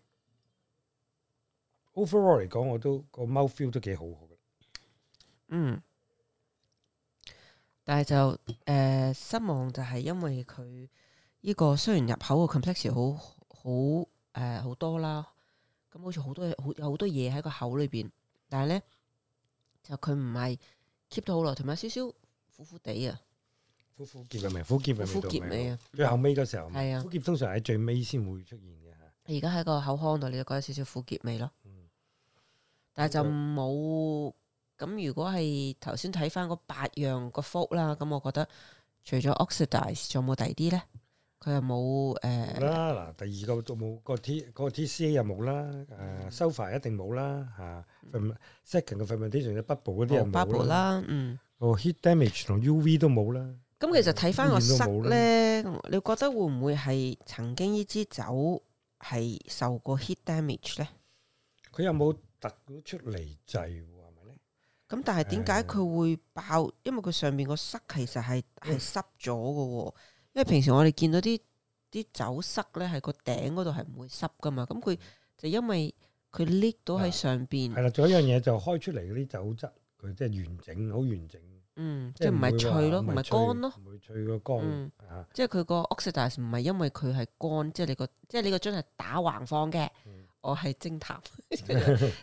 overall 嚟講，我都、那個 mouth feel 都幾好好嘅，嗯。但係就誒失望就係因為佢呢個雖然入口嘅 complex 好好誒好多啦，咁好似好多嘢好有好多嘢喺個口裏邊，但係咧就佢唔係 keep 到好耐，同埋少少苦苦地啊，苦苦澀嘅味，苦澀味道咪，最後尾嗰時候。係啊，苦澀通常喺最尾先會出現嘅嚇。而家喺個口腔度，你覺得少少苦澀味咯，嗯，但係就冇。咁如果係頭先睇翻嗰八樣個 fault 啦，咁我覺得除咗 oxidise，仲有冇第二啲咧？佢又冇誒啦嗱，第二個都冇，個 t 個 tca 又冇啦，誒 sofa 一定冇啦吓，second fermentation 嘅 bubble 嗰啲又冇啦，嗯，哦 heat damage 同 uv 都冇啦。咁其實睇翻個塞咧，你覺得會唔會係曾經呢支酒係受過 heat damage 咧？佢有冇突咗出嚟劑？咁但係點解佢會爆？因為佢上面個塞其實係係濕咗嘅喎。嗯、因為平時我哋見到啲啲酒塞咧，喺個頂嗰度係唔會濕噶嘛。咁佢、嗯、就因為佢擰到喺上邊。係啦、嗯，仲有一樣嘢就開出嚟嗰啲酒質，佢即係完整，好完整。嗯，即係唔係脆咯，唔係乾咯。唔會脆個乾。即係佢個 oxidase 唔係因為佢係乾，即係你個即係你個樽係打橫放嘅。我係偵探，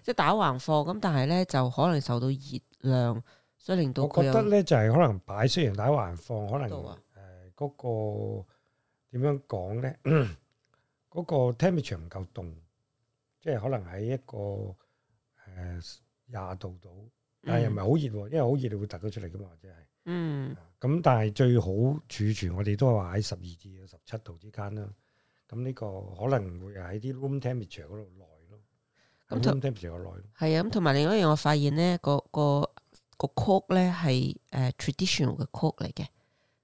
即 (laughs) 打橫放咁，但係咧就可能受到熱量，所以令到我覺得咧就係、是、可能擺雖然打橫放，可能誒嗰、呃那個點樣講咧，嗰、 (coughs) 那個 temperature 唔夠凍，即係可能喺一個誒廿、呃、度度，但係又唔係好熱，因為好熱你會突咗出嚟嘅嘛，或者係嗯，咁但係最好儲存我哋都係話喺十二至十七度之間啦。咁呢個可能會喺啲 room temperature 嗰度耐咯，咁、uh, hehe, room temperature 嗰度耐咯。係啊，咁同埋另外一樣，我發現咧，個個個曲咧係誒 traditional 嘅曲嚟嘅。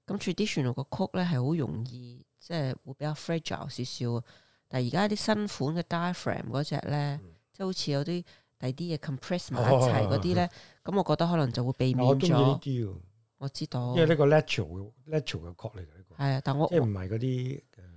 咁 traditional 個曲 u 咧係好容易即係會比較 fragile 少少，但係而家啲新款嘅 diaphragm 嗰隻咧，即係好似有啲第啲嘢 compress 埋一齊嗰啲咧，咁我覺得可能就會避免咗。我知道。因為呢個 natural t r a 嘅曲嚟嘅呢個係啊，但我即係唔係嗰啲。圖 Uno ati w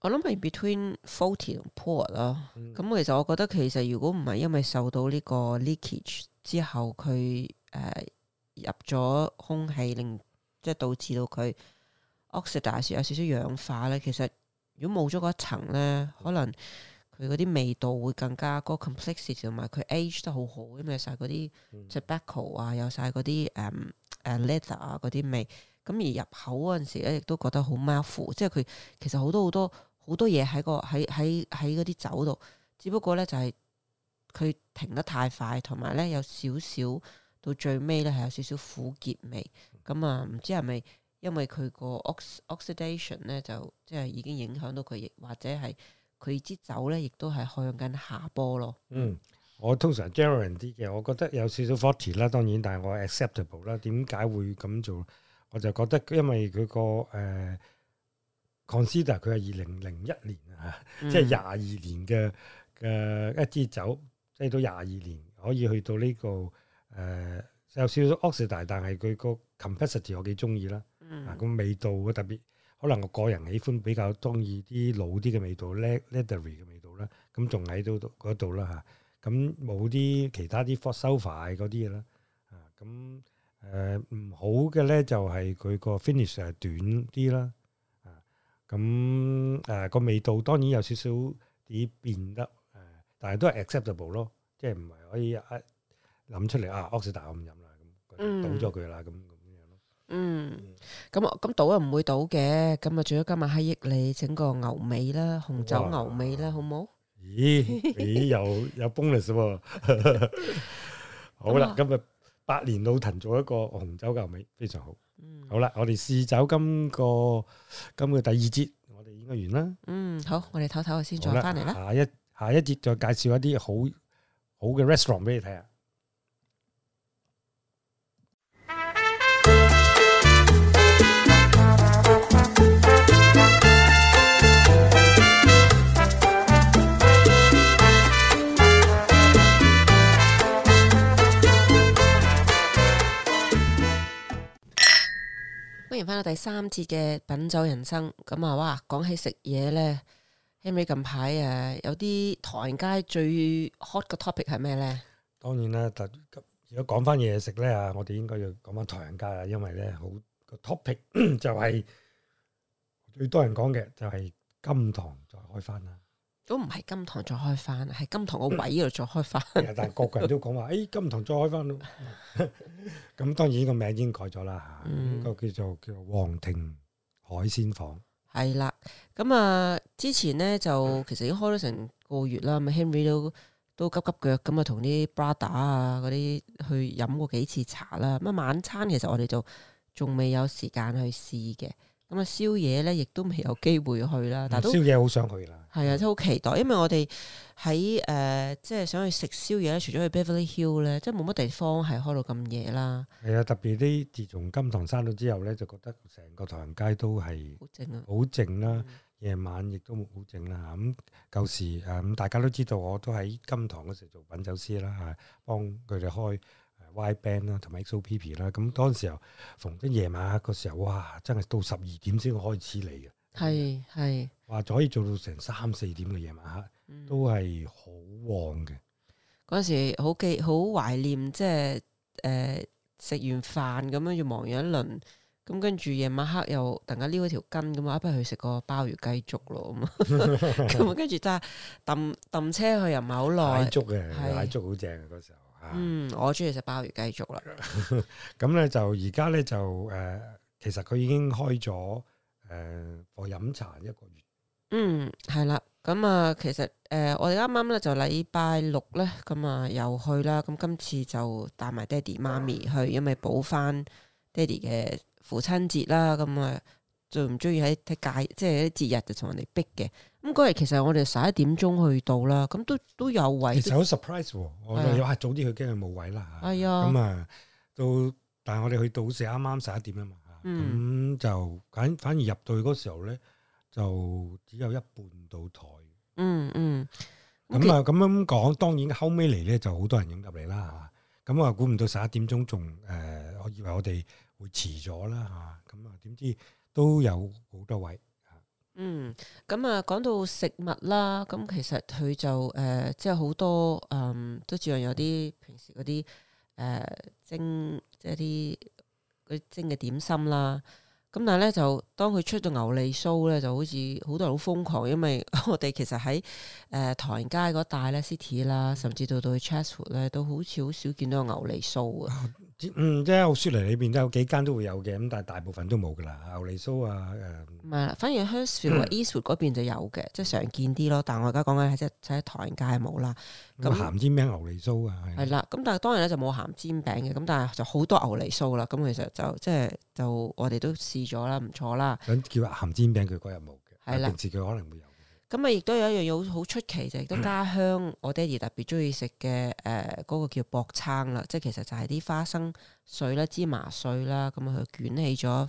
我諗係 between faulty 同 poor 咯，咁其實我覺得其實如果唔係因為受到呢個 leakage 之後佢誒、呃、入咗空氣令即係導致到佢 oxidize 有少少氧化咧，其實如果冇咗嗰層咧，嗯、可能佢嗰啲味道會更加嗰、那個、complexity 同埋佢 age 得好好，因為晒嗰啲 tobacco 啊，有晒嗰啲誒誒 leather 嗰啲味。咁而入口嗰陣時咧，亦都覺得好馬虎，即係佢其實好多好多好多嘢喺個喺喺喺嗰啲酒度，只不過咧就係、是、佢停得太快，同埋咧有少少到最尾咧係有少少苦澀味。咁、嗯、啊，唔知係咪因為佢個 oxidation ox 咧就即係已經影響到佢，或者係佢支酒咧亦都係向緊下波咯。嗯，我通常 generous 啲嘅，我覺得有少少 faulty 啦，當然，但係我 acceptable 啦。點解會咁做？我就覺得，因為佢個誒 consider 佢係二零零一年啊，即係廿二年嘅嘅一支酒，即係到廿二年可以去到呢、這個誒、呃、有少少 oxidize，但係佢個 complexity 我幾中意啦。嗯、啊，咁味道特別，可能我個人喜歡比較中意啲老啲嘅味道，leathery 嘅味道啦。咁仲喺到嗰度啦嚇，咁冇啲其他啲 for sofa 嗰啲啦啊咁。嗯。誒，唔好嘅咧就係佢個 finish 係短啲啦，啊，咁誒個味道當然有少少啲變得誒，但係都係 acceptable 咯，即係唔係可以諗出嚟啊，OK，我唔飲啦，咁倒咗佢啦，咁咁樣咯。嗯，咁啊，咁倒又唔會倒嘅，咁啊，最緊今日係益你整個牛尾啦，紅酒牛尾啦，好冇？咦咦，有有 bonus 喎？好啦，今日。百年老藤做一個紅酒牛尾非常好，嗯，好啦，我哋試走今個今個第二節，我哋應該完啦，嗯，好，我哋唞唞先，再翻嚟啦，下一下一節再介紹一啲好好嘅 restaurant 俾你睇下。歡迎翻到第三節嘅品酒人生，咁啊，哇！講起食嘢咧，Henry 近排誒有啲唐人街最 hot 嘅 topic 係咩咧？當然啦，特如果講翻嘢食咧啊，我哋應該要講翻唐人街啦，因為咧好個 topic (coughs) 就係、是、最多人講嘅就係金堂再開翻啦。都唔係金堂再開翻，係金堂個位嗰度再開翻。 (laughs) (laughs) 但係個個人都講話，誒、哎、金堂再開翻咯。咁 (laughs) 當然個名已經改咗啦，嚇、嗯，個叫做叫皇庭海鮮舫。係啦，咁啊之前呢就其實已經開咗成個月啦。咁 Henry、嗯、都都急急腳咁啊，同啲 brother 啊嗰啲去飲過幾次茶啦。咁晚餐其實我哋就仲未有時間去試嘅。咁啊、嗯，宵夜咧，亦都未有機會去啦。但都宵夜好想去啦，係啊，真係好期待，因為我哋喺誒，即係想去食宵夜咧，除咗去 Beverly Hill 咧，即係冇乜地方係開到咁夜啦。係啊，特別啲自從金堂閂咗之後咧，就覺得成個唐人街都係好靜啊，好靜啦，夜晚亦都好靜啦嚇。咁舊、嗯、時誒咁、呃、大家都知道，我都喺金堂嗰時做品酒師啦嚇，幫佢哋開。Y band 啦，同埋 XOPP 啦，咁當時候逢啲夜晚黑個時候，哇，真係到十二點先開始嚟嘅，係係，哇，就可以做到成三四點嘅夜晚黑，嗯、都係好旺嘅。嗰時好記，好懷念，即係誒食完飯咁樣要忙完一輪，咁跟住夜晚黑又突然間撩咗條筋咁啊，不如去食個鮑魚雞粥咯，咁啊， (laughs) (laughs) 跟住揸抌抌車去又唔係好耐，蟹粥嘅蟹粥好正嘅嗰時候。是 (laughs) 嗯，我中意食鮑魚雞粥啦。咁咧、 (laughs) 嗯、就而家咧就誒、呃，其實佢已經開咗誒，呃、我飲茶一個月。嗯，係啦。咁、嗯、啊，其實誒、呃，我哋啱啱咧就禮拜六咧，咁、嗯、啊又去啦。咁、嗯、今次就帶埋爹哋媽咪去，因為補翻爹哋嘅父親節啦。咁、嗯、啊。嗯就唔中意喺假日，即係喺節日就同人哋逼嘅。咁嗰日其實我哋十一點鐘去到啦，咁都都有位都。其實好 surprise，我哋話呀早啲去驚佢冇位啦。係啊呀，咁啊、嗯，到、嗯、但係我哋去到時啱啱十一點啊嘛，咁就反反而入到去嗰時候咧，就只有一半到台。嗯嗯，咁啊咁樣講，當然後尾嚟咧就好多人湧入嚟啦吓。咁啊，估唔到十一點鐘仲誒，我以為我哋會遲咗啦吓。咁啊，點知，都有好多位，嗯，咁、嗯、啊、嗯，講到食物啦，咁、嗯、其實佢就誒、呃，即係好多，嗯，都主要有啲平時嗰啲誒蒸，即係啲嗰蒸嘅點心啦。咁、嗯、但係咧，就當佢出到牛脷酥咧，就好似好多人好瘋狂，因為我哋其實喺誒、呃、唐人街嗰帶咧，City 啦，甚至到到去 Chatswood 咧，都好似好少見到有牛脷酥啊。 (laughs) 嗯，即係我雪梨裏邊都有幾間都會有嘅，咁但係大部分都冇噶啦，牛脷酥啊誒。唔係啦，反而 Hurstville、Eastwood 嗰邊就有嘅，即係常見啲咯。但係我而家講緊係即係台銀街冇啦。咁鹹煎餅牛脷酥啊。係啦那，咁但係當然咧就冇鹹煎餅嘅，咁但係就好多牛脷酥啦。咁其實就即係就我哋都試咗啦，唔錯啦。咁叫鹹煎餅，佢嗰日冇嘅，平時佢可能會有。咁啊，亦都有一樣嘢好出奇就係都家鄉我爹哋特別中意食嘅誒嗰個叫薄撐啦，即係其實就係啲花生碎啦、芝麻碎啦，咁佢捲起咗，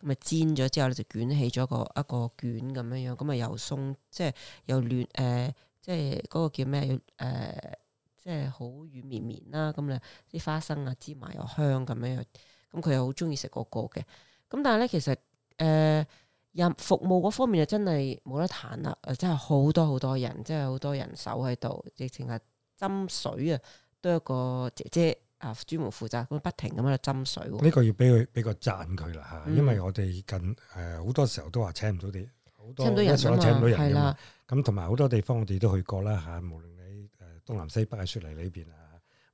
咁啊煎咗之後咧就捲起咗個一個卷咁樣樣，咁啊又鬆即係又嫩誒，即係嗰、呃、個叫咩誒、呃，即係好軟綿綿啦，咁咧啲花生啊芝麻又香咁樣樣，咁佢又好中意食嗰個嘅。咁但係咧其實誒。呃服務嗰方面就真係冇得彈啦！誒，真係好多好多人，真係好多人手喺度，直情係，斟水啊，都有一個姐姐啊，專門負責咁不停咁喺度斟水。呢個要俾佢俾個讚佢啦嚇，他他嗯、因為我哋近誒好、呃、多時候都話請唔到啲，好多一上都請唔到人㗎嘛。咁同埋好多地方我哋都去過啦嚇，無論你誒東南西北嘅雪梨裏邊啊，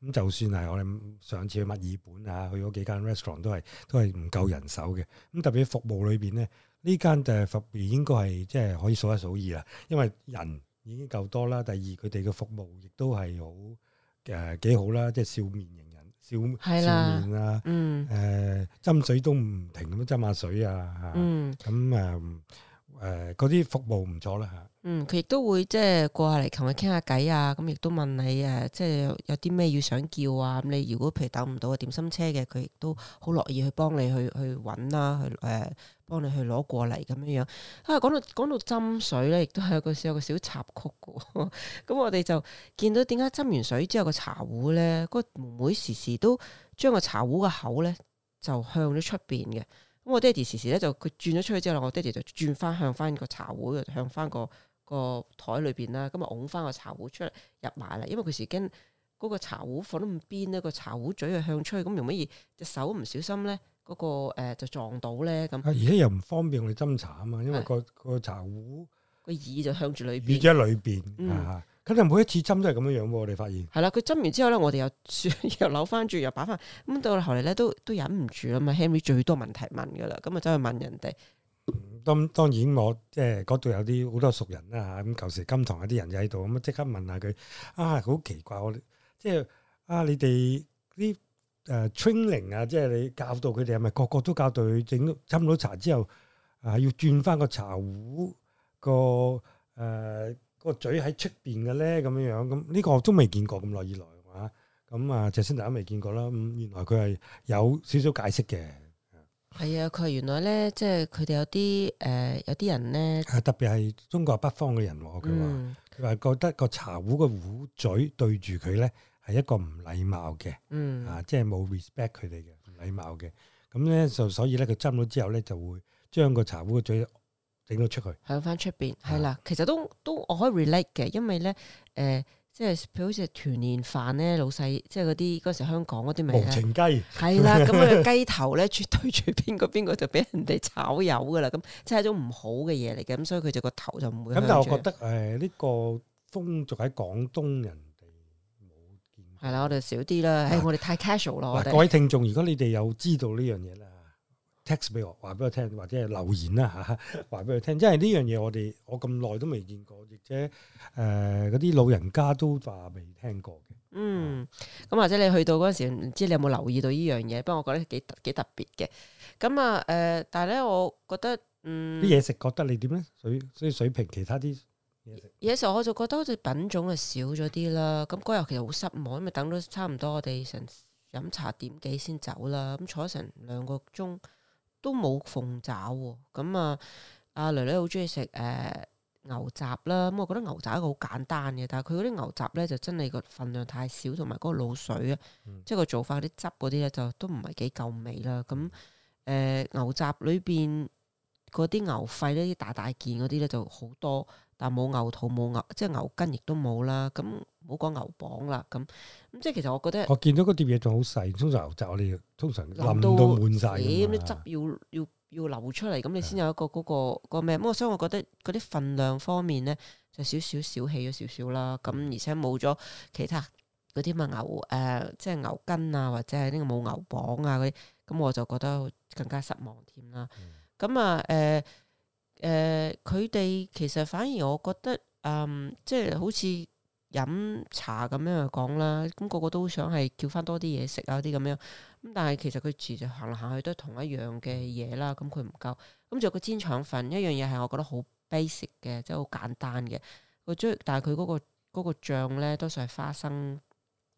咁就算係我哋上次去墨爾本啊，去嗰幾間 restaurant 都係都係唔夠人手嘅。咁特別服務裏邊咧。呢間就係服務應該係即係可以數一數二啦，因為人已經夠多啦。第二佢哋嘅服務亦都係好誒幾好啦，即係笑面迎人、笑的笑面啊，嗯誒斟、呃、水都唔停咁樣斟下水啊嚇，咁啊誒嗰啲服務唔錯啦嚇。啊嗯，佢亦都會即係過下嚟同佢傾下偈啊，咁亦都問你誒，即係有啲咩要想叫啊？咁你如果譬如等唔到個點心車嘅，佢亦都好樂意去幫、呃、你去去揾啦，去誒幫你去攞過嚟咁樣樣。啊，講到講到斟水咧，亦都係有，個，有，個，有個小插曲嘅。咁 (laughs) 我哋就見到點解斟完水之後個茶壺咧，那個妹妹時時都將個茶壺個口咧就向咗出邊嘅。咁我爹哋時時咧就佢轉咗出去之後，我爹哋就轉翻向翻個茶壺，向翻個。個台裏邊啦，咁就㧬翻個茶壺出嚟入埋啦，因為佢驚嗰個茶壺放咗咁邊咧，個茶壺嘴又向出去，咁容乜易隻手唔小心咧，嗰、那個誒就、呃、撞到咧咁。而、嗯、且又唔方便我哋斟茶啊嘛，因為、那個個的茶壺個耳就向住裏邊，耳喺裏邊，吓，咁、嗯、啊每一次斟都係咁樣樣、啊、喎，我哋發現係啦，佢斟完之後咧，我哋又 (laughs) 又扭翻轉，又擺翻，咁到後嚟咧都都忍唔住啦嘛，Henry 最多問題問噶啦，咁啊走去問人哋。當當然我，我即係嗰度有啲好多熟人啦嚇，咁舊時金堂啲人就喺度，咁即刻問下佢啊，好奇怪我，哋、就是，即係啊，你哋啲誒 training 啊，即係你教導佢哋係咪個個都教導佢整到差唔多茶之後啊，要轉翻個茶壺個誒、呃、個嘴喺出邊嘅咧，咁樣樣咁呢、呢個都未見過咁耐以來嚇，咁啊謝、呃、先生達都未見過啦，咁、嗯、原來佢係有少少解釋嘅。係啊，佢原來咧，即係佢哋有啲誒、呃，有啲人咧，特別係中國北方嘅人喎，佢話佢話覺得個茶壺個壺嘴對住佢咧，係一個唔禮貌嘅，嗯、啊，即係冇 respect 佢哋嘅唔禮貌嘅，咁咧就所以咧，佢斟咗之後咧，就會將個茶壺個嘴整咗出去，響翻出邊，係啦的，其實都都我可以 relate 嘅，因為咧誒。呃即係佢好似係團年飯咧，老細即係嗰啲嗰時香港嗰啲咪，啊，無情雞係啦，咁佢雞頭咧，絕對住邊個邊個就俾人哋炒魷噶啦，咁即係一種唔好嘅嘢嚟嘅，咁所以佢就個頭就唔會。咁但係我覺得誒呢、呃這個風俗喺廣東人哋冇見。係啦，我哋少啲啦，啊哎、我哋太 casual 咯。各位聽眾，如果你哋有知道呢樣嘢咧，text 俾我，話俾我聽，或者係留言啦嚇，話俾我聽。因為呢樣嘢我哋我咁耐都未見過，而且誒嗰啲老人家都話未聽過嘅。嗯，咁或者你去到嗰陣時，唔知你有冇留意到呢樣嘢？不過我覺得幾幾特別嘅。咁啊誒，但係咧，我覺得嗯啲嘢食，覺得你點咧水水水平，其他啲嘢食，有時候我就覺得好似品種係少咗啲啦。咁嗰日其實好失望，因為等到差唔多我哋成飲茶點幾先走啦。咁坐咗成兩個鐘。都冇鳳爪喎，咁啊，阿女女好中意食誒牛雜啦，咁、嗯、我覺得牛雜一個好簡單嘅，但係佢嗰啲牛雜咧就真係個份量太少，同埋嗰個滷水啊，嗯、即係個做法啲汁嗰啲咧就都唔係幾夠味啦。咁誒、呃、牛雜裏邊嗰啲牛肺呢，啲大大件嗰啲咧就好多。但冇牛肚冇牛，即係牛筋亦都冇啦。咁唔好講牛膀啦。咁咁即係其實我覺得，我見到嗰碟嘢仲好細。通常牛雜我哋通常淋到滿晒，啲、欸、汁要要要流出嚟，咁你先有一個嗰是的、嗰個、嗰個咩？咁所以我覺得嗰啲份量方面咧，就少少小氣咗少少啦。咁、嗯、而且冇咗其他嗰啲乜牛誒、呃，即係牛筋啊，或者係呢個冇牛膀啊嗰啲。咁我就覺得更加失望添啦。咁啊誒。誒佢哋其實反而我覺得，嗯、呃，即係好似飲茶咁樣嚟講啦，咁個個都想係叫翻多啲嘢食啊啲咁樣咁，但係其實佢住就行嚟行去都係同一樣嘅嘢啦。咁佢唔夠咁，仲有個煎腸粉，一樣嘢係我覺得好 basic 嘅，即係好簡單嘅。我最但係佢嗰個嗰、嗰個醬呢，多數係花生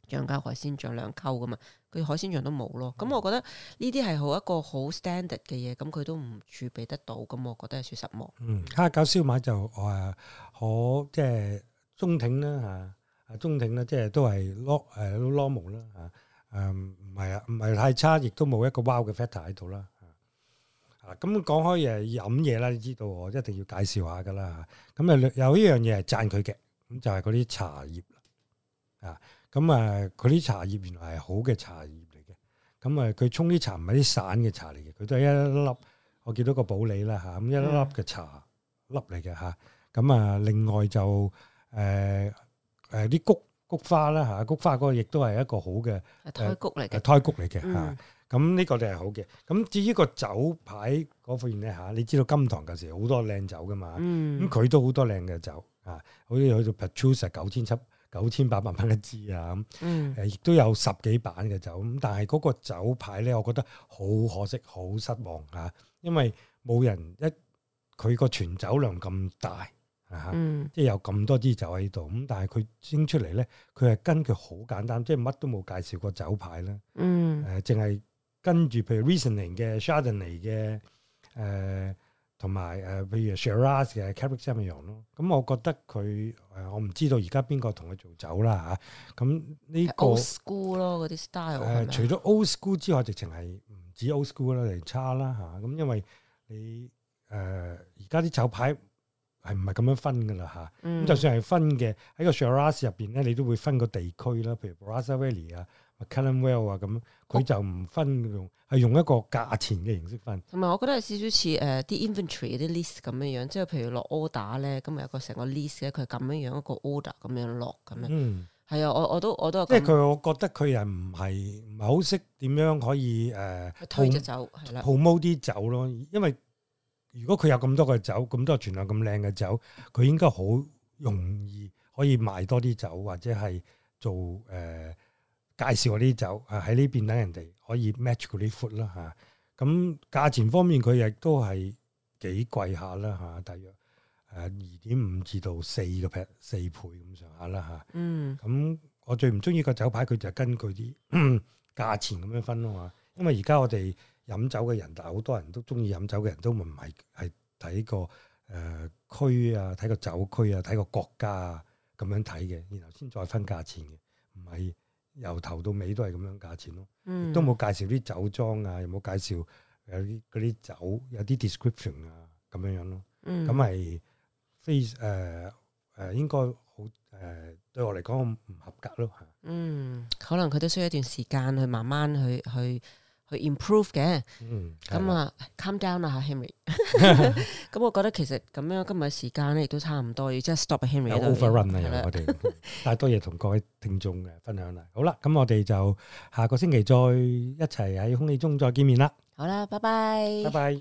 醬加海鮮醬、嗯、兩溝噶嘛。佢海鮮醬都冇咯，咁、嗯、我覺得呢啲係好一個好 standard 嘅嘢，咁佢都唔儲備得到，咁我覺得係少少失望。嗯，蝦餃燒賣就我誒可即係中挺啦嚇，啊、就是、中挺咧即係都係 long 誒 normal 啦嚇，誒唔係啊，唔係、就是啊啊、太差，亦都冇一個 wow 嘅 factor 喺度啦啊，咁講開嘢，飲嘢啦，你知道我一定要介紹下噶啦嚇，咁誒有，有一樣嘢係讚佢嘅，咁就係嗰啲茶葉啊。咁啊，佢啲、嗯、茶葉原來係好嘅茶葉嚟嘅。咁、嗯、啊，佢沖啲茶唔係啲散嘅茶嚟嘅，佢都係一粒、粒，我見到個普洱啦嚇，咁一粒、嗯、粒嘅茶粒嚟嘅嚇。咁啊，另外就誒誒啲菊菊花啦嚇，菊花嗰、啊、個亦都係一個好嘅胎菊嚟嘅。呃、胎菊嚟嘅嚇。咁、啊、呢、嗯、個就係好嘅。咁至於個酒牌嗰方面咧嚇、啊，你知道金唐嗰時好多靚酒噶嘛。咁佢都好多靚嘅酒啊，好似去到 Petrus 九、er、千七。九千八百蚊一支啊，咁，誒亦都有十幾版嘅酒，咁但係嗰個酒牌咧，我覺得好可惜、好失望嚇，因為冇人一佢個存酒量咁大、嗯、啊，即係有咁多支酒喺度，咁但係佢拎出嚟咧，佢係根據好簡單，即係乜都冇介紹過酒牌啦，誒、嗯，淨係、呃、跟住譬如 Riesling 嘅 Chardonnay 嘅誒。同埋誒，譬如 Shiraz 嘅 Cabernet Semillon 咯，咁我覺得佢誒、呃，我唔知道而家邊個同佢做酒啦嚇。咁、啊、呢、這個 old school 咯，啲 style、呃。誒嗎，除咗 old school 之外，直情係唔止 old school 啦，定差啦嚇。咁因為你誒而家啲酒牌係唔係咁樣分噶啦嚇？咁、啊嗯、就算係分嘅，喺個 Shiraz 入邊咧，你都會分個地區啦，譬如 Barossa Valley 啊。Cullenwell 啊咁，佢、um well, 就唔分用，係、哦、用一個價錢嘅形式分。同埋我覺得有少少似誒啲 inventory 啲 list 咁樣樣，即係譬如落 order 咧，咁咪有個成個 list 咧，佢咁樣樣一個 order 咁樣落咁、嗯、樣。嗯，係啊，我我都我都。我都即係佢，我覺得佢又唔係唔係好識點樣可以誒、uh, 推隻酒係啦，promote 啲酒咯。因為如果佢有咁多嘅酒，咁多存量咁靚嘅酒，佢應該好容易可以賣多啲酒，或者係做誒。Uh, 介紹我啲酒，喺呢邊等人哋可以 match 嗰啲 food 啦、啊，吓咁價錢方面佢亦都係幾貴下啦，吓、啊、大約誒二點五至到四個倍，四倍咁上下啦，吓嗯、啊。咁我最唔中意個酒牌，佢就根據啲價錢咁樣分啊嘛。因為而家我哋飲酒嘅人，但好多人都中意飲酒嘅人都唔係係睇個誒區、呃、啊，睇個酒區啊，睇個國家咁、啊、樣睇嘅，然後先再分價錢嘅，唔係。由頭到尾都係咁樣價錢咯，都冇介紹啲酒莊啊，又冇介紹有啲嗰啲酒有啲 description 啊咁樣樣咯，咁係非誒誒應該好誒、呃、對我嚟講唔合格咯，嗯，可能佢都需要一段時間去慢慢去去。去 improve 嘅，咁啊，calm down 啦，哈，Henry，咁我覺得其實咁樣今日嘅時間咧亦都差唔多，要即係 stop，Henry overrun 啦、嗯，嗯、我哋太 (laughs) 多嘢同各位聽眾嘅分享啦。好啦，咁、嗯、我哋就下個星期再一齊喺空氣中再見面啦。好啦，拜拜，拜拜。